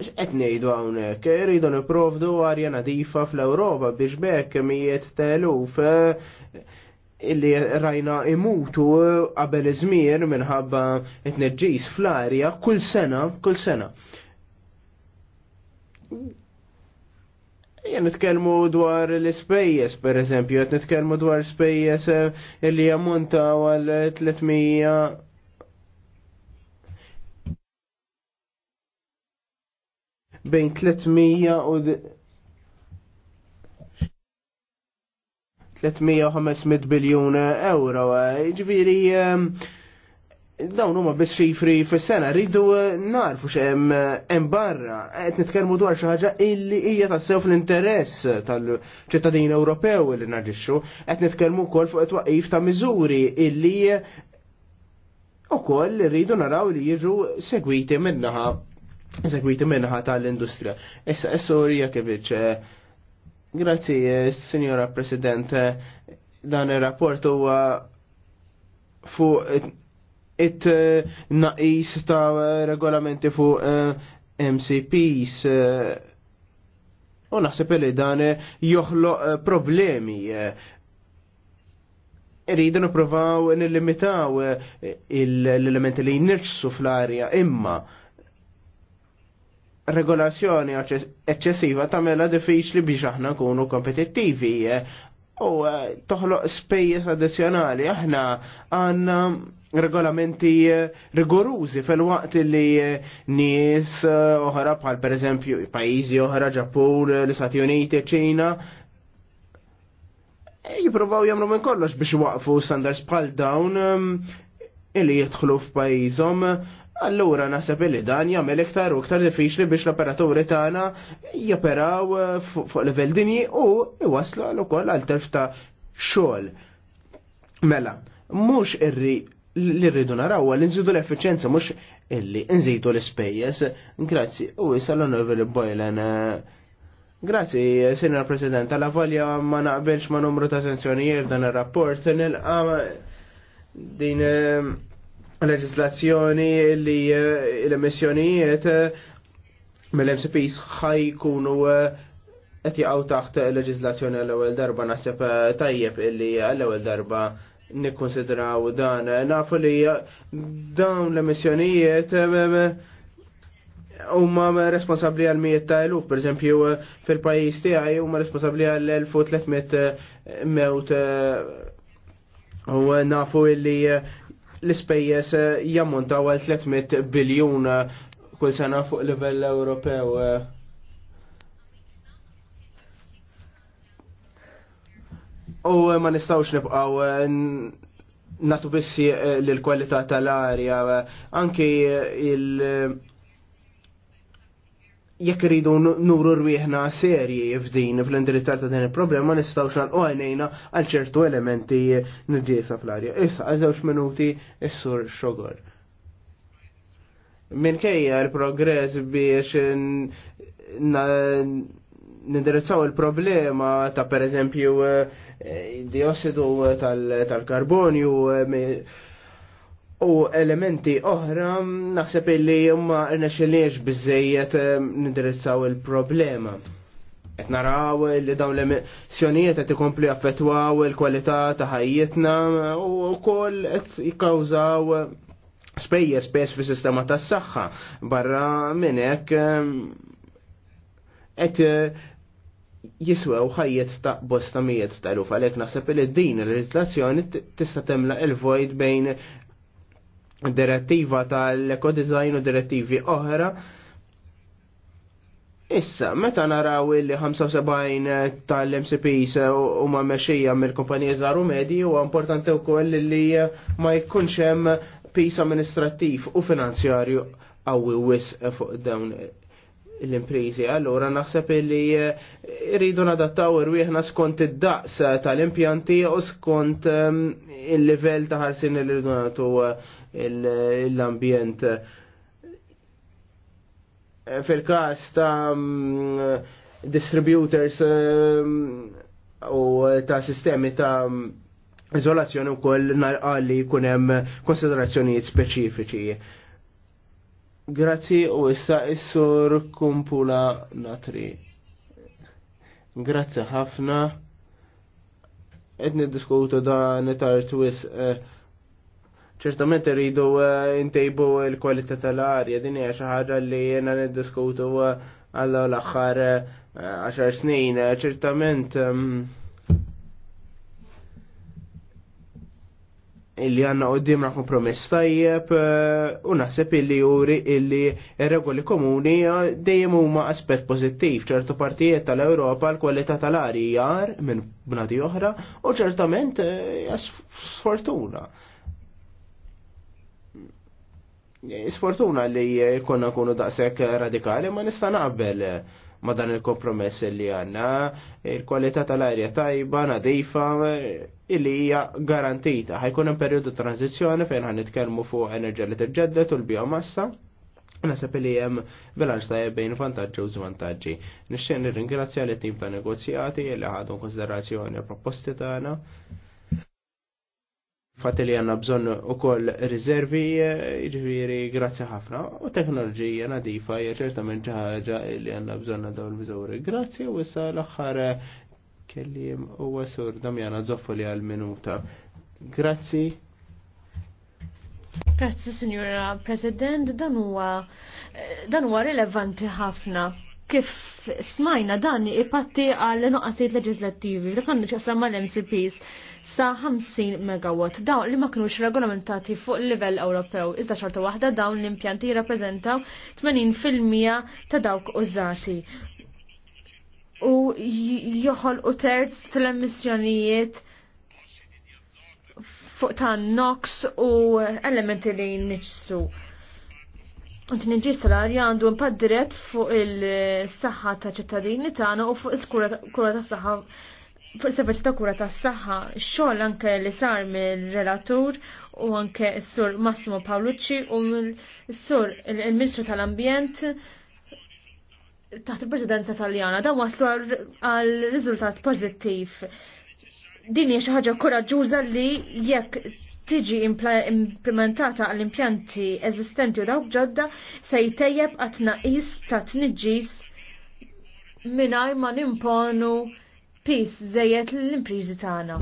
X'qed ngħidu hawnhekk, irridu nipprovdu arja nadifa fl-Ewropa biex bekk mijiet teluf illi rajna imutu qabel iż-żmien minħabba t-neġġis fl-arja kull sena, kull sena Jien nitkellmu dwar l-ispejjeż, pereżempju, qed nitkellmu dwar spejjeż eh, li jammonta għal 300 bejn 300 u 300 u 500 biljun euro. Eh, ġviri, eh, dawn huma biss xifri fis-sena rridu eh, narfu x'hemm eh, hemm barra qed nitkellmu dwar xi ħaġa illi hija tassew fl-interess tal-ċittadin Ewropew li naġixxu qed nitkellmu wkoll fuq it twaqif ta' miżuri illi eh, ukoll rridu naraw li jiġu segwiti minnaħa segwiti minnaħa tal-industrija. Issa s-sorja kif Grazzi, Signora President, dan ir-rapport huwa fuq it-naqis ta' regolamenti fuq eh, MCPs eh, u naħseb li dan eh, joħloq problemi rridu nippruvaw nillimitaw l-elementi li jnirċsu fl-arja imma regolazzjoni eccessiva tamela diffiċli biex aħna kunu kompetittivi u toħloq spejjeż addizzjonali aħna għandna regolamenti eh, rigorużi fil-waqt li eh, nies eh, oħra bħal per eżempju pajjiżi oħra Ġappun, l-Istati Uniti, ċina e jipruvaw jamlu minn kollox biex waqfu standards bħal dawn illi jidħlu f'pajjiżhom Allura naħseb li dan jagħmel iktar u iktar diffiċli biex l-operaturi tagħna joperaw fuq livell dinji u iwaslu għal ukoll għal terf ta' xogħol. Mela, mhux irri li rridu naraw li nżidu l efficienza mhux illi nżidu l-ispejjeż. Grazzi, u issa l-Honorable Boylan. Grazzi, Sinjor President, għal volja ma naqbilx ma numru ta' sanzjonijiet dan ir-rapport nilqa din eh, leġislazzjoni li eh, l-emissjonijiet eh, mill-MCPs ħaj jkunu qed jaqgħu taħt leġislazzjoni l-ewwel darba naħseb tajjeb illi l-ewwel darba nikkonsidraw dan. Nafu li dawn l-emissjonijiet eh, eh, eh, huma responsabbli għal mijiet ta' eluf, per eżempju fil-pajjiż u huma responsabbli għal 1300 mewt u nafu li l-ispejjeż jammontaw għal 300 biljun kull sena fuq livell Ewropew. U eh, ma nistawx nibqaw eh, natu bissi eh, l-kwalità tal-arja, anki il- jekk rridu nuru rwieħna serji f'din fl-indirizzar ta' din il-problema nistgħux nagħlqu għajnejna għal ċertu elementi nġiesa fl-arja. Issa għal żewġ minuti is-sur xogor. Minkejja l-progress biex nindirizzaw il-problema ta' per eżempju eh, diossidu eh, tal-karbonju eh, u elementi oħra mm, naħseb illi huma rnexxilniex bizzejiet nindirizzaw il-problema. Et naraw li dawn l-emissjonijiet qed ikomplu jaffettwaw il-kwalità ta' ħajjitna u wkoll qed jikkawżaw spejjeż spess fis-sistema tas-saħħa barra minn hekk qed jiswew ħajjet ta' bosta mijiet ta' eluf għalek naħseb li din il-leġislazzjoni tista' temla il-vojt bejn direttiva tal-ekodizajn u direttivi oħra. Issa, meta naraw li 75 tal-MCPs u ma meċija mill-kumpanija zaru medji u importanti wkoll li ma jkunx hemm pis amministrattiv u finanzjarju qawwi wis fuq dawn l-imprizi. allora naħseb li eh, rridu nadattaw irwieħna skont id-daqs tal-impjanti u skont ehm, il-livell ta' ħarsin li rridu nagħtu eh, l-ambjent. Eh, fil-każ ta' mm, distributors ehm, u ta' sistemi ta' mm, izolazzjoni u koll narqalli kunem konsiderazzjonijiet speċifiċi. Grazzi u issa issur Kumpula Natri. Grazzi ħafna. Etni niddiskutu da netar twis eh, ċertament rridu eh, intejbu l-kwalità tal-arja din hija xi ħaġa li jiena niddiskutu eh, għall aħħar 10 snin. Ċertament ehm, illi għanna għoddimna kompromess tajjeb eh, u naħseb illi juri illi regoli komuni eh, dejjem huma aspett pozittiv ċertu partijiet tal-Ewropa l-kwalità tal-ari jar minn bnadi oħra u ċertament eh, sfortuna. Sfortuna li konna kunu daqshekk radikali ma nista' naqbel ma dan il-kompromess li għanna, il-kwalità tal-arja tajba, nadifa, illi hija garantita. Ħajkun hemm perjodu tranzizjoni fejn ħan nitkellmu fuq enerġija li tiġġedded u l-biomassa. Nasab li hemm bilanċ ta' bejn vantaġġi u żvantaġġi. Nixxen nirringrazzja li tim ta' negozjati li ħadu konsiderazzjoni proposti tagħna. Fatti li għanna bżon u koll rizervi, ġviri, grazzi ħafna. U teknoloġija nadifa, ċertament ġaħġa li għanna bżon għadaw l miżuri. Grazzi u issa l-axħar kellim u għasur Damjana Zoffoli għal-minuta. Grazzi. Grazzi, Signora President, dan huwa dan huwa rilevanti ħafna kif smajna dan ipatti għal noqqasijiet leġislattivi, dak għandu xaqsam mal-MCPs sa 50 megawatt dawn li ma kinux regolamentati fuq il-livell Ewropew. Iżda xorta waħda dawn l-impjanti jirrappreżentaw 80% ta' dawk użati. U joħol u terz tal-emissjonijiet fuq ta' NOx u elementi li nġsu. Tinġi salarja għandu impatt dirett fuq il-saħħa ta' ċittadini tagħna u fuq il-kura tas-saħħa servizz ta' kura tas saħħa xogħol anke li sar mill-relatur u anke s-sur Massimo Paolucci u s-sur il-Ministru tal-Ambjent taħt il-Presidenza Taljana dan waslu għal riżultat pozittiv. Din hija xi ħaġa koraġġuża li jekk tiġi implementata għall impjanti eżistenti u dawk ġodda se jtejjeb għat naqis ta' tniġġis mingħajr ma nimponu pis żejjed l-impriżi tagħna.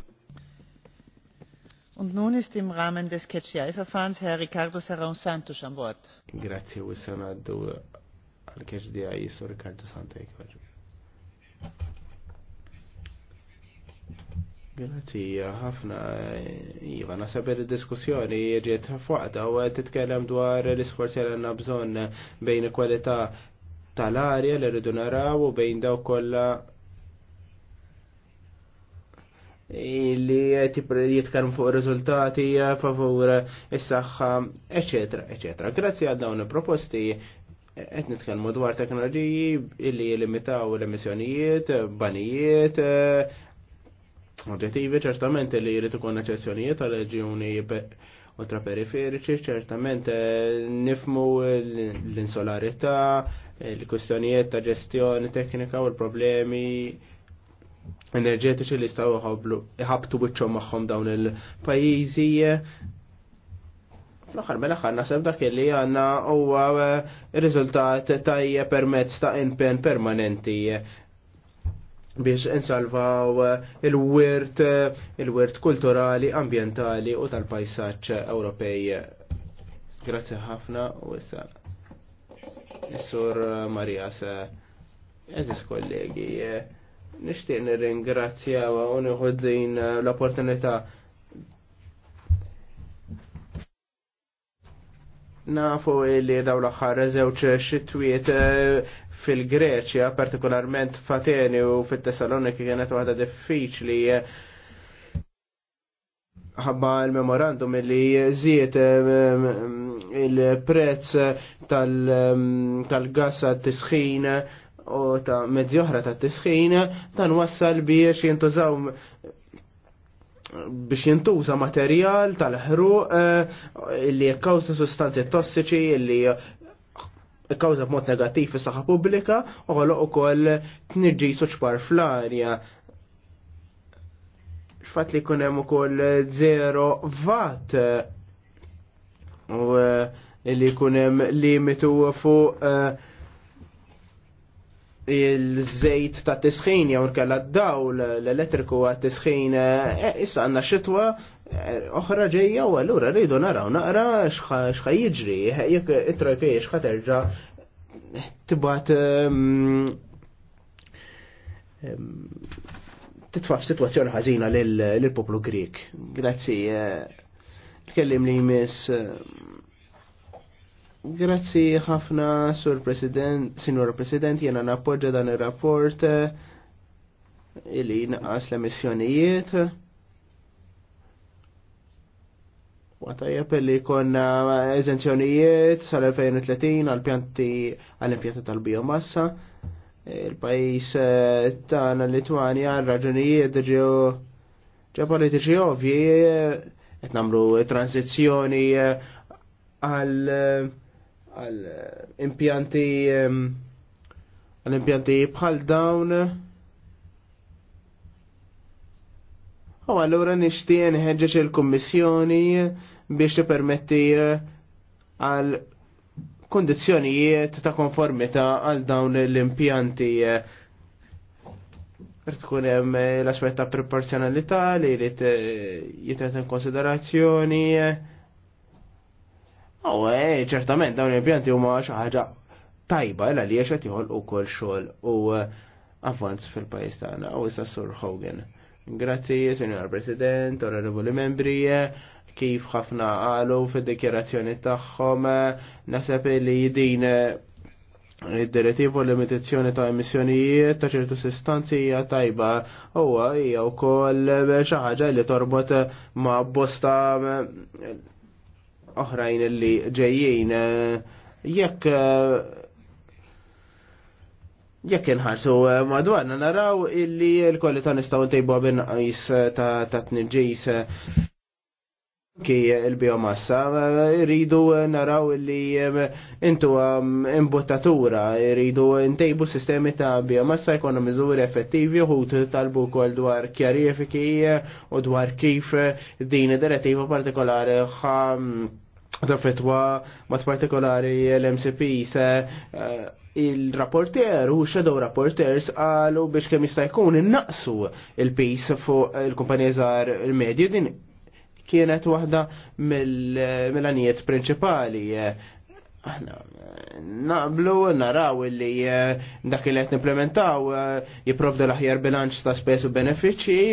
Und nun ist im Rahmen des KCI-Verfahrens Herr Ricardo Saron Santos am Wort. Grazie, wir sind al KCI, so Ricardo Santos. Grazzi, ħafna, jiva, nasab il-diskussjoni ġiet fuqta u t-tkellem dwar l-isforzi li għanna bżon bejn kwalità tal-arja l-ridunaraw u bejn daw kolla li jitkarm fuq rizultati eh, favur is-saħħa, eċetera, eċetera. Grazzi għal dawn il-proposti qed nitkellmu dwar teknoloġiji li limitaw l-emissjonijiet, banijiet, eh, oġġettivi ċertament illi jrid ikun eċezzjonijiet għal reġjuni ultraperiferiċi, ċertament eh, nifmu l-insolarità, l-kustjonijiet ta' ġestjoni teknika u l-problemi enerġetiċi li staw iħabtu wiċċhom magħhom dawn il-pajjiżi fl-axar mela ħanna sem dak li għanna huwa eh, riżultat tajje permezz ta' impen permanenti biex insalvaw eh, il-wirt eh, il-wirt kulturali, ambientali u tal-pajsaġġ Ewropej. Grazzi ħafna u issa. Is-sur Marijas, eżis kollegi, Nishtiq nirringrazzja u nieħod l-opportunità nafu li daw l-axħar zewċ xitwiet eh, fil-Greċja, partikolarment fateni u fit-Tessaloniki kienet waħda diffiċli eh, ħabba il-memorandum li ziet eh, il-prezz tal gassa tal-tisħin u ta' mezzi oħra ta' tisħin dan wassal biex jintużaw biex jintuża materjal tal-ħruq eh, li jikkawża sustanzi tossiċi li kawza b'mod negattiv fis saħħa pubblika u ħoloq ukoll tniġġi suċpar fl-arja. X'fatt li jkun hemm ukoll zero vat eh, u eh, li jkun hemm limitu fuq uh, il-żejt ta' tisħin jew kella d-dawl l-elettriku għat tisħin e, issa għanna xitwa e, oħra ġejja u allura rridu naraw naqra x'ħa jiġri jekk it-trojkej x'ħa terġa' tibat titfa' f'sitwazzjoni ħażina l poplu grek. Grazzi. E, Kellim li jmiss Grazzi ħafna, Sur President, Sinur President, jena nappoġġa dan il-rapport illi eh, naqas l-emissjonijiet. Wata jappelli konna eżenzjonijiet sal-2030 għal-pjanti għal-impjanti tal-biomassa. Il-pajis l eh, Litwanja raġunijiet ġew ġew politiċi ovvji eh, qed nagħmlu tranzizzjoni għal għal eh, impjanti għal impjanti bħal dawn u allura nixtieq ħedġeċ il-Kummissjoni biex permetti eh, għal kondizjonijiet ta' konformità għal dawn l-impjanti eh, tkun hemm l-aspett ta' proporzjonalità li jitet in konsiderazzjoni eh, ċertament dawn il-pjanti huma xi ħaġa tajba li għaliex qed u wkoll xogħol u eh, avvanz fil-pajjiż tagħna u issa Sur Hogan. Grazzi, Signor President, onorevoli membri, eh, kif ħafna qalu fid-dikjerazzjoni tagħhom eh, naseb li din id-direttiva limitazzjoni ta' emissjonijiet ta' ċertu sistanzi hija tajba huwa hija wkoll xi ħaġa li torbot ma' bosta oħrajn li ġejjin eh, jekk eh, jekk inħarsu eh, madwarna naraw illi l-kolli ta' nistaw ntejbu għabin għajs ta' t-nġis ki il-biomassa rridu naraw illi intu imbuttatura rridu ntejbu sistemi ta' biomassa jkunu miżuri effettivi u talbu kol dwar kjarifiki u dwar kif din direttiva partikolari xa Tafetwa mat partikolari l-MCP se eh, il-rapporter u shadow rapporters għalu biex kemm jista' jkun innaqsu il-pis fuq il-kumpanija żgħar il-medju din kienet waħda mill-anijiet prinċipali. Aħna naqblu naraw li eh, dak li qed nimplementaw eh, jipprovdu l-aħjar bilanċ ta' spes u benefiċċji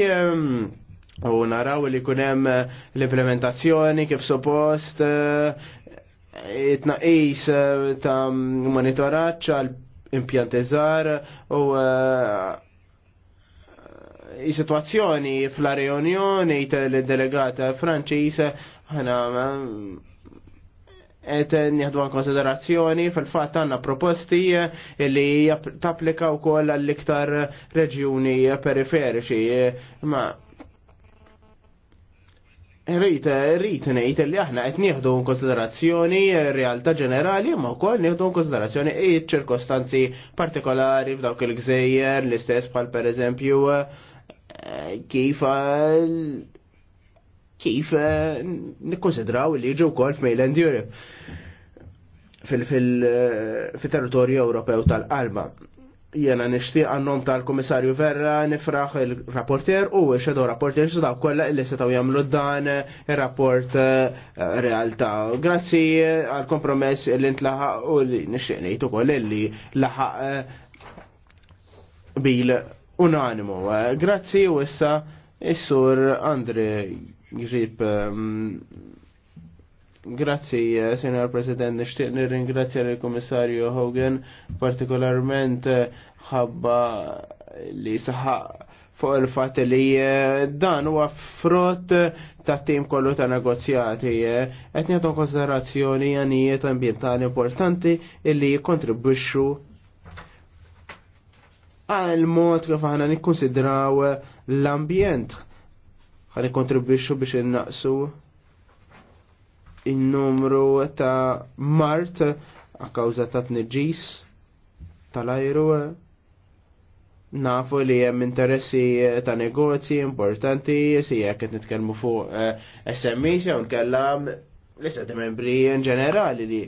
u naraw li kunem eh, l-implementazzjoni kif suppost eh, it-naqis eh, ta' monitoraċ għal impjantizar u i situazzjoni fl reunjoni tal-delegata franċiż ħana et nieħdu għan konsiderazzjoni fil-fatt għanna proposti li tapplika u koll għall-iktar reġjuni periferiċi. Ma' Rrit, rrit nejt li aħna qed nieħdu konsiderazzjoni realtà ġenerali imma wkoll nieħdu konsiderazzjoni ċirkostanzi partikolari f'dawk il-gżejjer l-istess bħal pereżempju eh, kif eh, kif eh, nikkonsidraw li jiġu wkoll f'Mainland Europe fil-territorju Ewropew tal-qalba jena nishtiq għannom tal-komissarju Verra nifraħ il-rapporter u xedo rapporter xedo kolla illi setaw jamlu dan il-rapport eh, Realta. Grazzi għal-kompromess illi ntlaħa u li nishtiq nejtu koll illi laħa eh, bil unanimu. Grazzi u issa is-sur Andre Grip eh, Grazzi, eh, Senjor President, nishtiq nirringrazzja l komissarju Hogan, partikolarment eh, ħabba li saħa fuq il-fat li eh, dan huwa frott ta' tim kollu ta' negozjati. Qed nieħdu konsiderazzjoni għanijiet ambjentali importanti illi jikkontribwixxu għal mod kif aħna nikkonsidraw l-ambjent ħan kontribuxu biex innaqsu il-numru ta' mart a kawza ta' tniġis tal-ajru nafu li hemm interessi ta' negozji importanti si jekk qed nitkellmu fuq eh, SMEs jew nkella l-istati membri in ġenerali li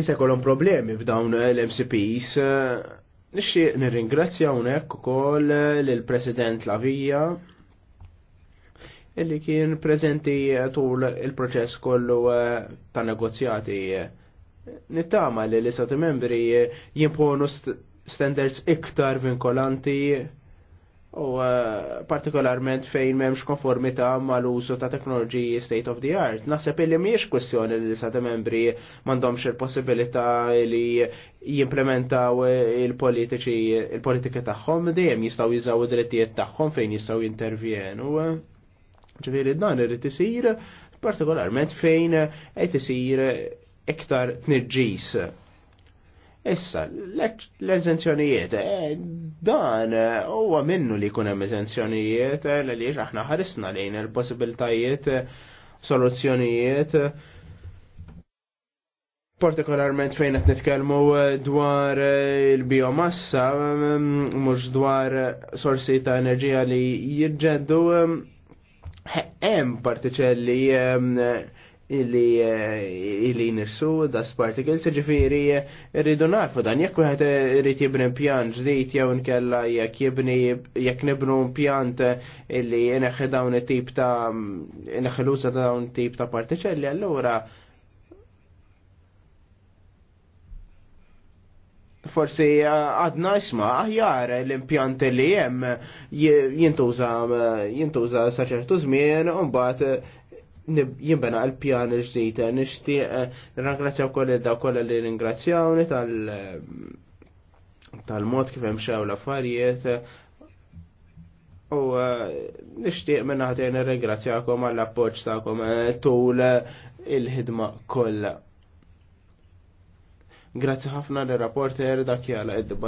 Issa kolom problemi b'dawn l-MCPs. Nixtieq nirringrazzja hawnhekk ukoll l president Lavija illi kien prezenti tul il-proċess kollu eh, ta' negozjati. Nittama li l-istati membri jimponu standards iktar vinkolanti u eh, partikolarment fejn memx konformita mal-użu ta' teknoloġiji state of the art. Naħseb illi miex kwestjoni li l-istati membri mandomx il-possibilita li jimplementaw il-politiċi, il-politika tagħhom dejjem jistgħu jiżaw id-drittijiet tagħhom fejn jistgħu jintervjenu. Ġifieri dan irid isir partikolarment fejn qed isir iktar tniġġis. Issa, l-eżenzjonijiet, e, dan huwa minnu li jkun hemm eżenzjonijiet e, li aħna ħarisna lejn il-possibiltajiet e, soluzzjonijiet partikolarment fejn qed nitkellmu dwar il-biomassa mhux dwar sorsi ta' enerġija li jirġeddu hemm partiċelli ehm, illi eh, nirsu das particles, ġifiri rridu nafu dan, jekk wieħed irid jibni pjan ġdid jew nkella jekk jibni jekk nibnu pjant illi neħħi dawn it-tip ta' neħħi l ta' dawn tip ta' partiċelli, allura forsi eh, għadna isma aħjar l-impjant li jem jintuża eh, jintuża saċertu żmien un bat eh, jimbena l-pjan il-ġdijt nixtieq u koll da koll li ringrazzjawni tal tal-mod kif hemm xew l-affarijiet u nixtieq minn ħatejn ringrazzjakom għall-appoġġ tagħkom tul il-ħidma kollha. Grazzi ħafna l-rapporter dak jala id